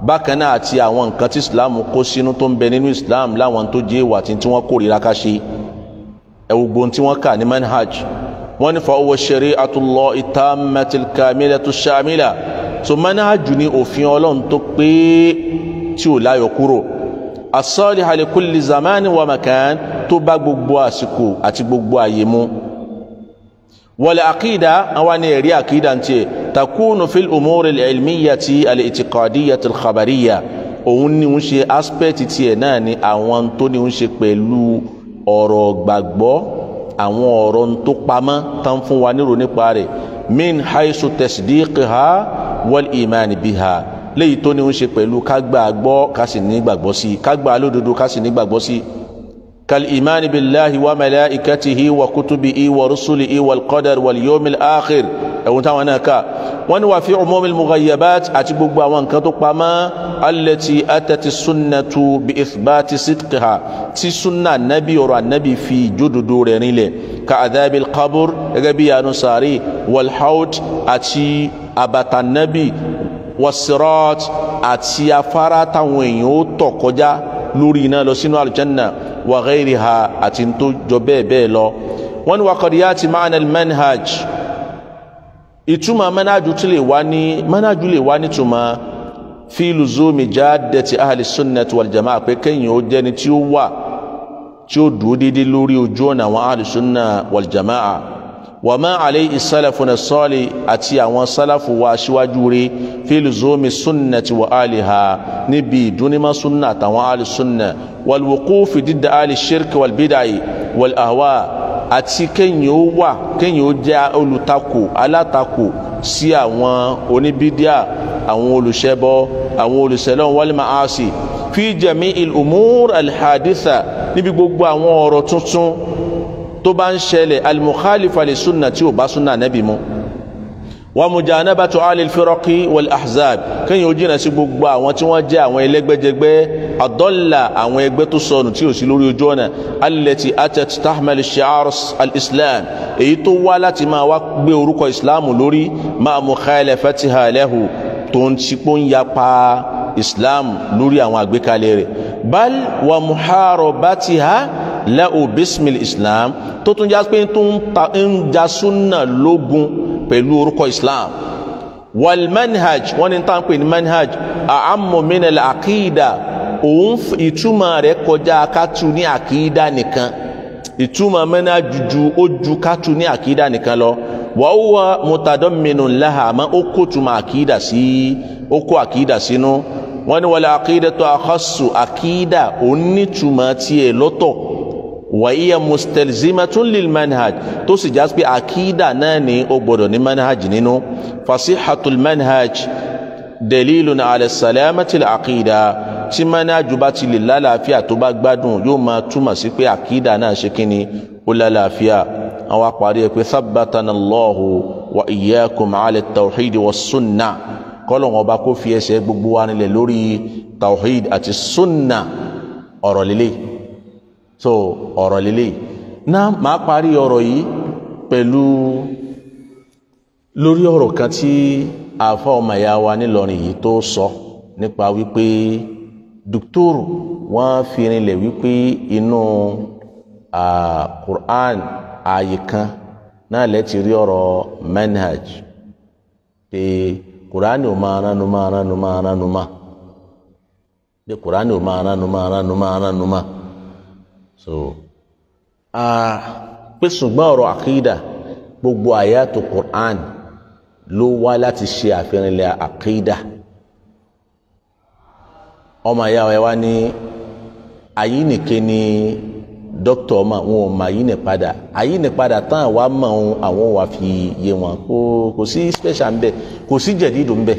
bákan náà àti àwọn nǹkan tí islam kó sínú tó ń bẹ nínú islam láwọn tó jẹ́ ìwà tí wọ́n kórìíra ká ṣe ẹ̀wùgbọ́n tí wọ́n kà ní manhaj wọ́n ní fàwọ́ shari'atullahi tammatil kamilatu shamila so manhaju ni òfin ọlọ́run tó pé tí ò láyọ̀ kúrò as-saliha li kulli zamani wa makan tó bá gbogbo àsìkò àti gbogbo àyè mu wal aqida àwọn ni ẹ̀rí aqida ń tiẹ̀ takunu fil umuri al-ilmiyati al-itiqadiyati al-khabariya òun ni ń ṣe aspect tiẹ̀ náà ni àwọn tó ni ń ṣe pẹ̀lú ọ̀rọ̀ gbàgbọ́ àwọn ọ̀rọ̀ tó pamọ́ tán fún wa nírò nípa rẹ̀ min haisu tasdiqiha wal imani biha léyìí tó ní ń ṣe pẹ̀lú ká gbà gbọ́ ká sì ní gbàgbọ́ sí ká gbà lódodo ká sì ní gbàgbọ́ sí kal imani billahi wa malaikatihi wa kutubihi wa rusulihi wal qadar wal yawmil akhir ẹ̀wọ̀n táwọn náà kà wọ́n ní wà fi umumil mughayyabat àti gbogbo àwọn nǹkan tó pamọ́ allati atati sunnatu bi ithbati sidqiha tí sunna nabi ọ̀rọ̀ anabi fi jódodo rẹ̀ rinlẹ̀ ka adhabil qabr gẹ́gẹ́ bí yanu sari walhaut àti abata nabi wasirat àti afárá táwọn èèyàn ó tọ̀ kọjá lórí iná lọ sínú aljanna wa àti ntó bẹ́ẹ̀ bẹ́ẹ̀ lọ wọ́n ní wà qadiyati ma'na al manhaj ìtumọ̀ mẹ́nájú tí lè wá ní mẹ́nájú lè wá nítumọ̀ fíìlù zoomi jáde-ti ahli sunnati wal jama'a pé kéèyàn ó jẹ́ni tí ó wà tí ó dúró déédéé lórí ojú ọ̀nà àwọn ahli sunna wal jama'a wa ma alayhi salafuna salih àti àwọn sálàfù wa aṣíwájú rí fíìlù zoomi sunnati wa aliha níbi ìdúnímọ̀ sunna àtàwọn ahli sunna wal wuqufi didda ahli shirki wal bid'ah wal àti kéèyàn ó wà kéèyàn ó jẹ́ olùtakò alátakò sí àwọn oníbídíà àwọn olùṣẹbọ àwọn olùsẹlọ́n wal maasi fi jami'il umur alhaditha níbi gbogbo àwọn ọ̀rọ̀ tuntun tó bá ń ṣẹlẹ̀ alimukhalifa li sunna tí ò bá sunna nẹ́bi mu wa mujanabatu alil firaqi wal ahzab ó jìnnà sí gbogbo àwọn tí wọ́n jẹ́ àwọn ẹlẹ́gbẹ́jẹgbẹ́ àdọ́là àwọn ẹgbẹ́ tó sọnù tí ò sí lórí ojú ọ̀nà allati atat tahmal shi'ar al-islam èyí tó wá láti máa wá gbé orúkọ islam lórí máa mukhalafatiha lahu tó ń tipó ń yapa islam lórí àwọn àgbékalẹ̀ rẹ̀ bal wa muharabatiha lahu bismil islam tó tún já pé tó ń ja súnà lógun pẹ̀lú orúkọ islam wal manhaj wọ́n ní tá pè ní manhaj a'ammu min al-aqida òun ìtumọ̀ rẹ̀ kọjá kátú ní àkídá nìkan ìtumọ̀ mẹ́nà juju ó ju kátú ní àkídá nìkan lọ wa huwa mutadamminun laha àmọ́ ó kó tuma àkídá sí ó kó àkídá sínú wọ́n ní wala aqidatu akhassu àkídá òun nítumọ̀ tiẹ̀ lọ́tọ̀ wa hiya mustalzimatun lil manhaj tó sì já pé àkídá náà ni ó gbọ́dọ̀ ní manhaj nínú fasihatul manhaj dalilun ala salamatil aqida tí mánàjú bá ti lè lálàáfíà tó bá gbádùn yóò máa túmọ̀ sí pé àkídà náà ṣe kí ni ó lálàáfíà àwọn àparí ẹ pé sábàtàn Allahu wa iyyakum ala tawhid wa sunna kọ́lọ̀n ọba kó fi ẹsẹ̀ gbogbo wa nílẹ̀ lórí tawhid àti sunna ọ̀rọ̀ líle so ọ̀rọ̀ líle náà máa parí ọ̀rọ̀ yìí pẹ̀lú lórí ọ̀rọ̀ kan tí àfa ọmọ ìyá wa nílọrin yìí tó sọ nípa wípé dókítọ̀rù wọ́n fi rinlẹ̀ wípé inú Qur'an ààyè kan náà lẹ́tì rí ọ̀rọ̀ manhaj pé Qur'an ò máa ránu máa ránu máa ránu máa pé Qur'an ò máa ránu máa ránu máa ránu máa so pé ṣùgbọ́n ọ̀rọ̀ àkídà gbogbo àyàtò Qur'an ló wá láti ṣe àfihàn ilẹ̀ àkídà ọmọ ìyá ẹ wá ní àyínìke ni dókítà ọmọ àwọn ọmọ àyínìpadà àyínìpadà tán àwa mọ̀ ohun àwọn wà fi yé wọn kò kò sí special ńbẹ kò sí jẹ̀dídò ńbẹ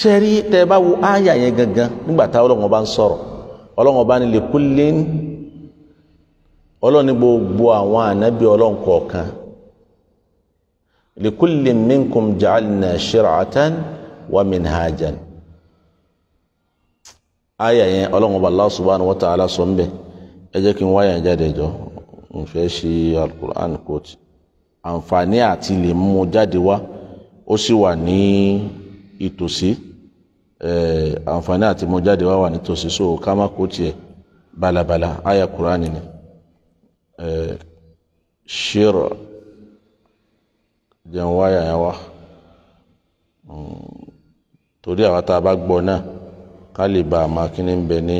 ṣe rí tẹ́ bá wo áyà yẹn gangan nígbà tá ọlọ́run bá ń sọ̀rọ̀ ọlọ́run bá ní lè kú lé ní gbogbo àwọn ànábì ọlọ́run kọ̀ọ̀kan lè kú lè minkum ja'alna shir'atan wa àyà yẹn ọlọ́run Allah subhanahu wa ta'ala sọ ń bẹ̀ ẹ jẹ́ kí n wáyà jáde jọ n fẹ́ ṣe alukur'an quote àǹfààní àti lè mú jáde wá ó sì wà ní ìtòsí àǹfààní àti mú jáde wá wà nítòsí so ká má kó tiẹ̀ balabala àyà kur'an ni ṣír jẹun wáyà yẹn wá hmm, torí àwa tá a bá gbọ́ náà ká lè ba àmà kíní ń bẹ ní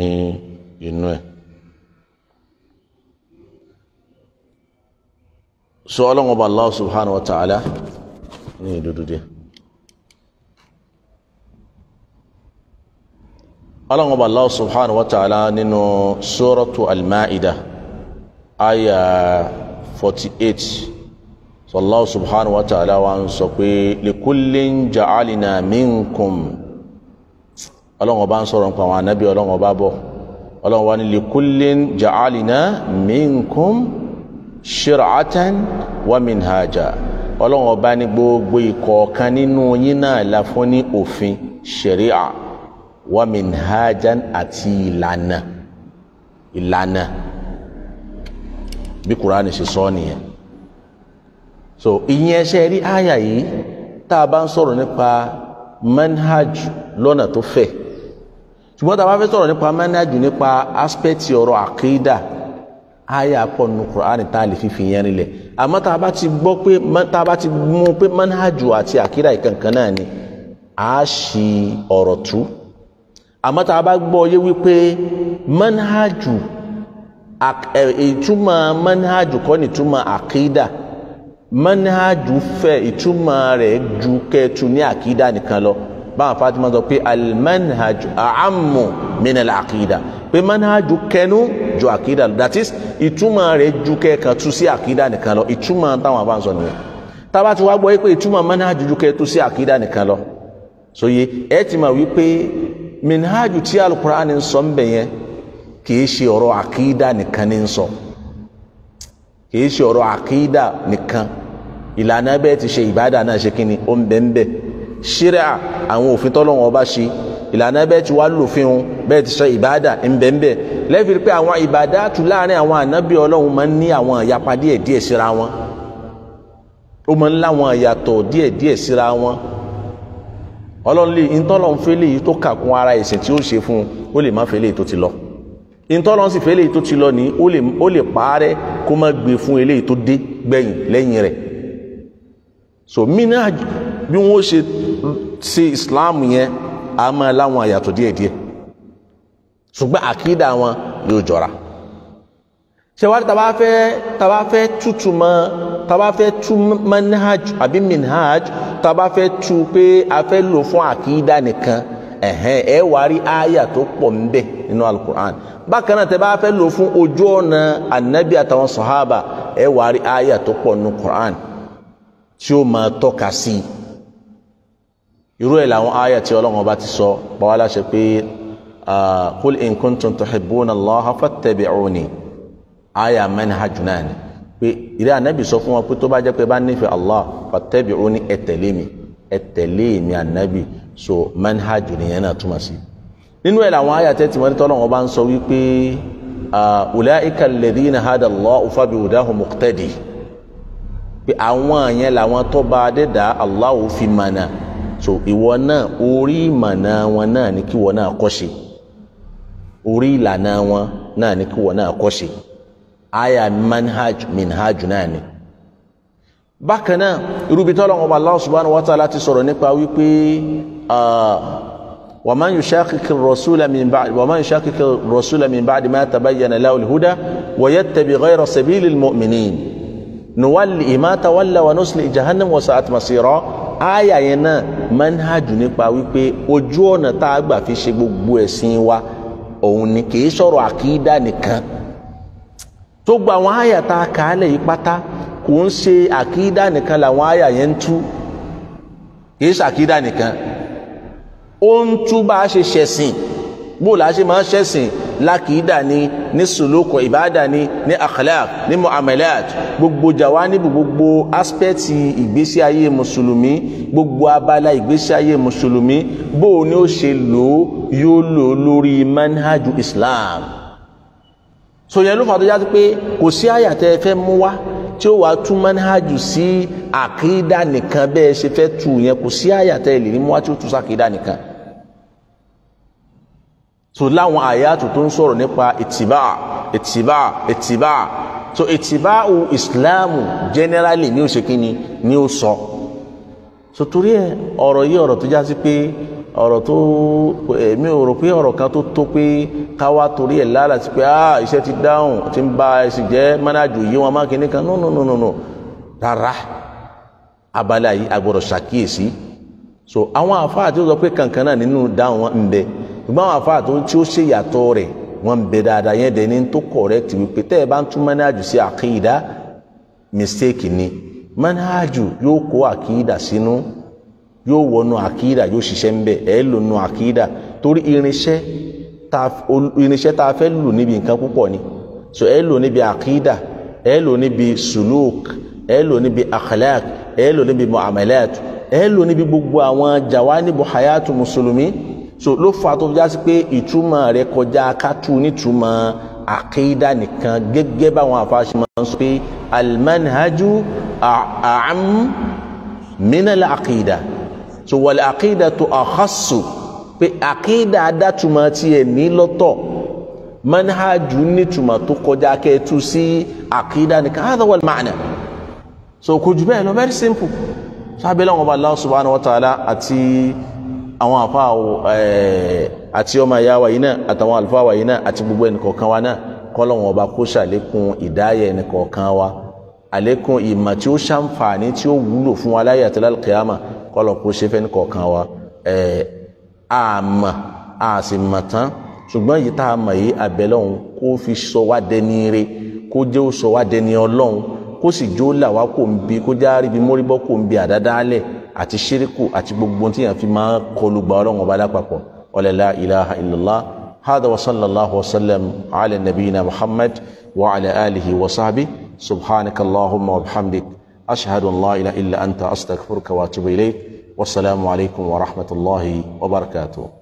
inú ẹ̀. so ọlọ́run ọba allah subhanahu wa ta'ala ní ìdúdú díẹ̀ ọlọ́run ọba allah subhanahu wa ta'ala nínú suratu al aya 48 so allah subhanahu wa ta'ala wa ń sọ pé likullin ja'alina minkum ọlọ́run ọba ń sọ̀rọ̀ nípa àwọn ànábì ọlọ́run ọba bọ̀ ọlọ́run wa ní likullin ja'alina minkum shir'atan wa minhaja ọlọ́run ọba ní gbogbo ìkọ̀ọ̀kan nínú yín náà la fún ní òfin sharia wa minhajan àti ìlànà ìlànà bí kuraani ṣe sọ nìyẹn so ìyẹn ṣe rí àyà yìí tá a bá ń sọ̀rọ̀ nípa manhaj lọ́nà tó fẹ̀ẹ́ ṣùgbọ́n tá a bá fẹ́ sọ̀rọ̀ nípa mẹ́nájú nípa aspect ọ̀rọ̀ àkídà àyà pọ̀ nù Kùránì tá a lè fi fi yẹn rinlẹ̀ àmọ́ tá a bá ti gbọ́ pé tá a bá ti mú pé mẹ́nájú àti àkídà ìkankan náà ni a ṣì ọ̀rọ̀ tú àmọ́ tá a bá gbọ́ yé wípé mẹ́nájú ìtumọ̀ mẹ́nájú kọ́ ni ìtumọ̀ àkídà mẹ́nájú fẹ́ ìtumọ̀ rẹ̀ ju kẹ́ẹ̀tù ní àkídà nìkan lọ báwọn Fatima sọ pé almanhaj a'ammu min al-aqida pé manhaju kẹnu ju àkídà lọ that is ìtumọ̀ rẹ̀ ju kẹ́ẹ̀kan tú sí àkídà nìkan lọ ìtumọ̀ táwọn àbá ń sọ nìyẹn tábà tí wàá gbọ́ pé ìtumọ̀ manhaju ju kẹ́ẹ̀ tú sí àkídà nìkan lọ so ye ẹ ti mọ̀ wípé minhaju tí al-Qur'an ń sọ ń bẹ̀ yẹn kìí ṣe ọ̀rọ̀ àkídà nìkan ní sọ kìí ṣe ọ̀rọ̀ àkídà nìkan ìlànà bẹ́ẹ̀ ti ṣe ìbádà náà ṣe kínni ó ń bẹ́ẹ̀ ń bẹ́ẹ̀ ṣíríà àwọn òfin tọ́lọ́wọ́n ọba ṣe ìlànà bẹ́ẹ̀ ti wá lòfin òun bẹ́ẹ̀ ti ṣe ìbáàdà ńbẹ́ńbẹ́ lẹ́fìrí pé àwọn ìbáàdà tù láàrin àwọn ànábì ọlọ́run máa ń ní àwọn ìyapa díẹ̀ díẹ̀ síra wọn ó máa ń láwọn ìyàtọ̀ díẹ̀ díẹ̀ síra wọn ọlọ́run lè ntọ́lọ́run fẹ́lẹ̀ yìí tó kà kún ara ẹ̀sìn tí ó ṣe fún un ó lè má fẹ́lẹ̀ yìí tó ti lọ ntọ́lọ́run sì fẹ́lẹ̀ tó ti lọ ní ó lè pààrẹ́ kó má gbé fún eléyìí tó dé gbẹ̀yìn lẹ́yìn rẹ̀ so bí wọ́n ṣe ṣe islam yẹn a máa láwọn àyàtọ̀ díẹ̀díẹ̀ ṣùgbọ́n àkídà wọn yóò jọra ṣẹwàá tàbá fẹ́ tàbá fẹ́ tútù mọ́ tàbá fẹ́ tú manhaj àbí minhaj tàbá fẹ́ tú pé a fẹ́ lò fún àkídà nìkan ẹ̀hẹ́n ẹ wàá rí àyà tó pọ̀ ńbẹ nínú alukur'an bákan náà tẹ bá fẹ́ lò fún ojú ọ̀nà anabi àtàwọn sọ̀hábà ẹ wàá rí àyà tó pọ̀ nínú kur'an tí ó máa tọ́ka sí i irú ẹ̀ làwọn àyà tí ọlọ́run ọba ti sọ báwa láṣẹ pé kul in kuntum tuhibbuna Allaha fattabi'uni àyà manhajun náà ni pé ìrẹ́ ànábì sọ fún wọn pé tó bá jẹ́ pé bá nífẹ̀ẹ́ Allah fattabi'uni ẹ tẹ̀lé mi ẹ tẹ̀lé mi ànábì so manhajun nìyẹn náà túmọ̀ sí. nínú ẹ̀ làwọn àyà tẹ́tí wọn tí ọlọ́run ọba ń sọ wípé ulaika alladhina hada so ìwọ náà orí ìmọ̀nà wọn náà ní kí wọn náà kọ́ ṣe orí ìlànà wọn náà ní kí wọn náà kọ́ ṣe aya manhaj minhaj náà ni bákan náà irúbi tọ́lọ̀ ọba Allah subhanahu wa ta'ala ti sọ̀rọ̀ nípa wípé wa man yushaqiqi ar-rasula min ba'di wa man yushaqiqi ar-rasula min ba'di ma tabayyana lahu al-huda wa yattabi ghayra sabili al-mu'minin nuwallihi ma tawalla wa nuslihi jahannam wa sa'at masira àyà yẹn náà manhajù nípa wípé ojú ọ̀nà tá a gbà fi ṣe gbogbo ẹ̀sìn wa òun ni kì í sọ̀rọ̀ àkídà nìkan tó gba àwọn àyà tá a kà á lẹ̀ yìí pátá kò ń ṣe àkídà nìkan làwọn àyà yẹn ń tú kì í ṣàkídà nìkan ó ń tú bá a ṣe ṣẹ̀sìn bó la ṣe máa ń ṣẹ̀sìn lákìídà ni ní sùlùkù ìbáàdà ni ní akhlaq ní muamalat gbogbo jawanibu gbogbo aspẹ́tì ìgbésí ayé mùsùlùmí gbogbo abala ìgbésí ayé mùsùlùmí bó o ní ó ṣe lò ó yóò lò ó lórí manhajú islam sòyẹn ló fà tó jáde pé kò sí àyàtẹ̀ fẹ́ mú wá tí ó wàá tún manhajú sí àkídà nìkan bẹ́ẹ̀ ṣe fẹ́ tù yẹn kò sí àyàtẹ̀ lè ní mú wá tí ó tún sí àkídà nìkan so láwọn àyàtò tó ń sọ̀rọ̀ nípa ìtìbá ìtìbá ìtìbá so ìtìbá o ìsìláàmù generally ní oṣù kínní ní ó sọ so torí ẹ ọ̀rọ̀ yìí ọ̀rọ̀ tó já sí pé ọ̀rọ̀ tó èmi ò rò pé ọ̀rọ̀ kan tó tó pé káwá torí ẹ̀ lára sí pé ah iṣẹ́ ti dáhùn ti ń ba ẹ̀sìn jẹ́ mánájú yìí wọn máa kan no no no no no rárá abala yìí a gbọ́dọ̀ ṣàkíyèsí so àwọn àfáà tí ó sọ pé kankan náà nínú dáhùn ń bẹ ṣùgbọ́n àwọn afa àtọ́ tí ó ṣe yàtọ̀ rẹ̀ wọ́n ń bẹ dáadáa yẹn dẹ̀ ní tó correct wípé tẹ́ ẹ bá ń tún manhajù sí àkìdá mistake ni manhajù yóò kó àkìdá sínú yóò wọnú àkìdá yóò ṣiṣẹ́ ń bẹ̀ ẹ lò nù àkìdá torí irinṣẹ́ irinṣẹ́ tá a fẹ́ lò níbi nǹkan púpọ̀ ni so ẹ lò níbi àkìdá ẹ lò níbi suluk ẹ lò níbi akhlaq ẹ lò níbi muamalat ẹ lò níbi gbogbo àwọn jawanibu hayatu mùsùlùmí so ló fà tó fi já sí pé ìtumọ̀ rẹ̀ kọjá kátó nítumọ̀ àkéídà nìkan gẹ́gẹ́ báwọn afáṣe máa ń sọ pé almanhaju a'am minal àkéídà so wal àkéídà tó àkásù pé àkéídà adátumọ̀ tiẹ̀ ní lọ́tọ̀ manhaju nítumọ̀ tó kọjá kẹ́ẹ̀tù sí àkéídà nìkan hadha wal ma'na so kò jù bẹ́ẹ̀ lọ very simple sábẹ́ lọ́wọ́ bá Allah subhanahu wa ta'ala àti àwọn àfa eh, àti ọmọ ìyá wa yìí náà àtàwọn àlùfáà wa yìí náà àti gbogbo ẹnìkọ̀ọ̀kan wa náà kọ́lọ́wọ́n ọba kó ṣàlékún ìdáyẹ ẹnìkọ̀ọ̀kan wa àlékún ìmọ̀ tí ó ṣàǹfààní tí ó wúlò fún wa láyé àti lálùkìyàmà kọ́lọ̀ kó ṣe fẹ́nìkọ̀ọ̀kan wa àmà eh, àsìmọ̀ tán ṣùgbọ́n yìí tá a mọ̀ yìí àbẹ̀lọ́hún kó fi sọ wá dẹni re kó jẹ́ ó sọ wá dẹni ọlọ́hun kó sì jó là kò ń bi kó já ríbi mórí bọ́ kò ń bi àdádálẹ̀ àti ṣíríkù àti gbogbo tí yàn fi máa kọlu gba ọlọ́run ọba lápapọ̀ ọlẹ́lá ilaha illallah hada wa sallallahu wa sallam ala nabiyina muhammad wa ala alihi wa sahbi subhanaka allahumma wa bihamdik ashhadu an la ilaha illa anta astaghfiruka wa atubu ilayk wasalaamu alaykum wa rahmatulahi wa barakatuh.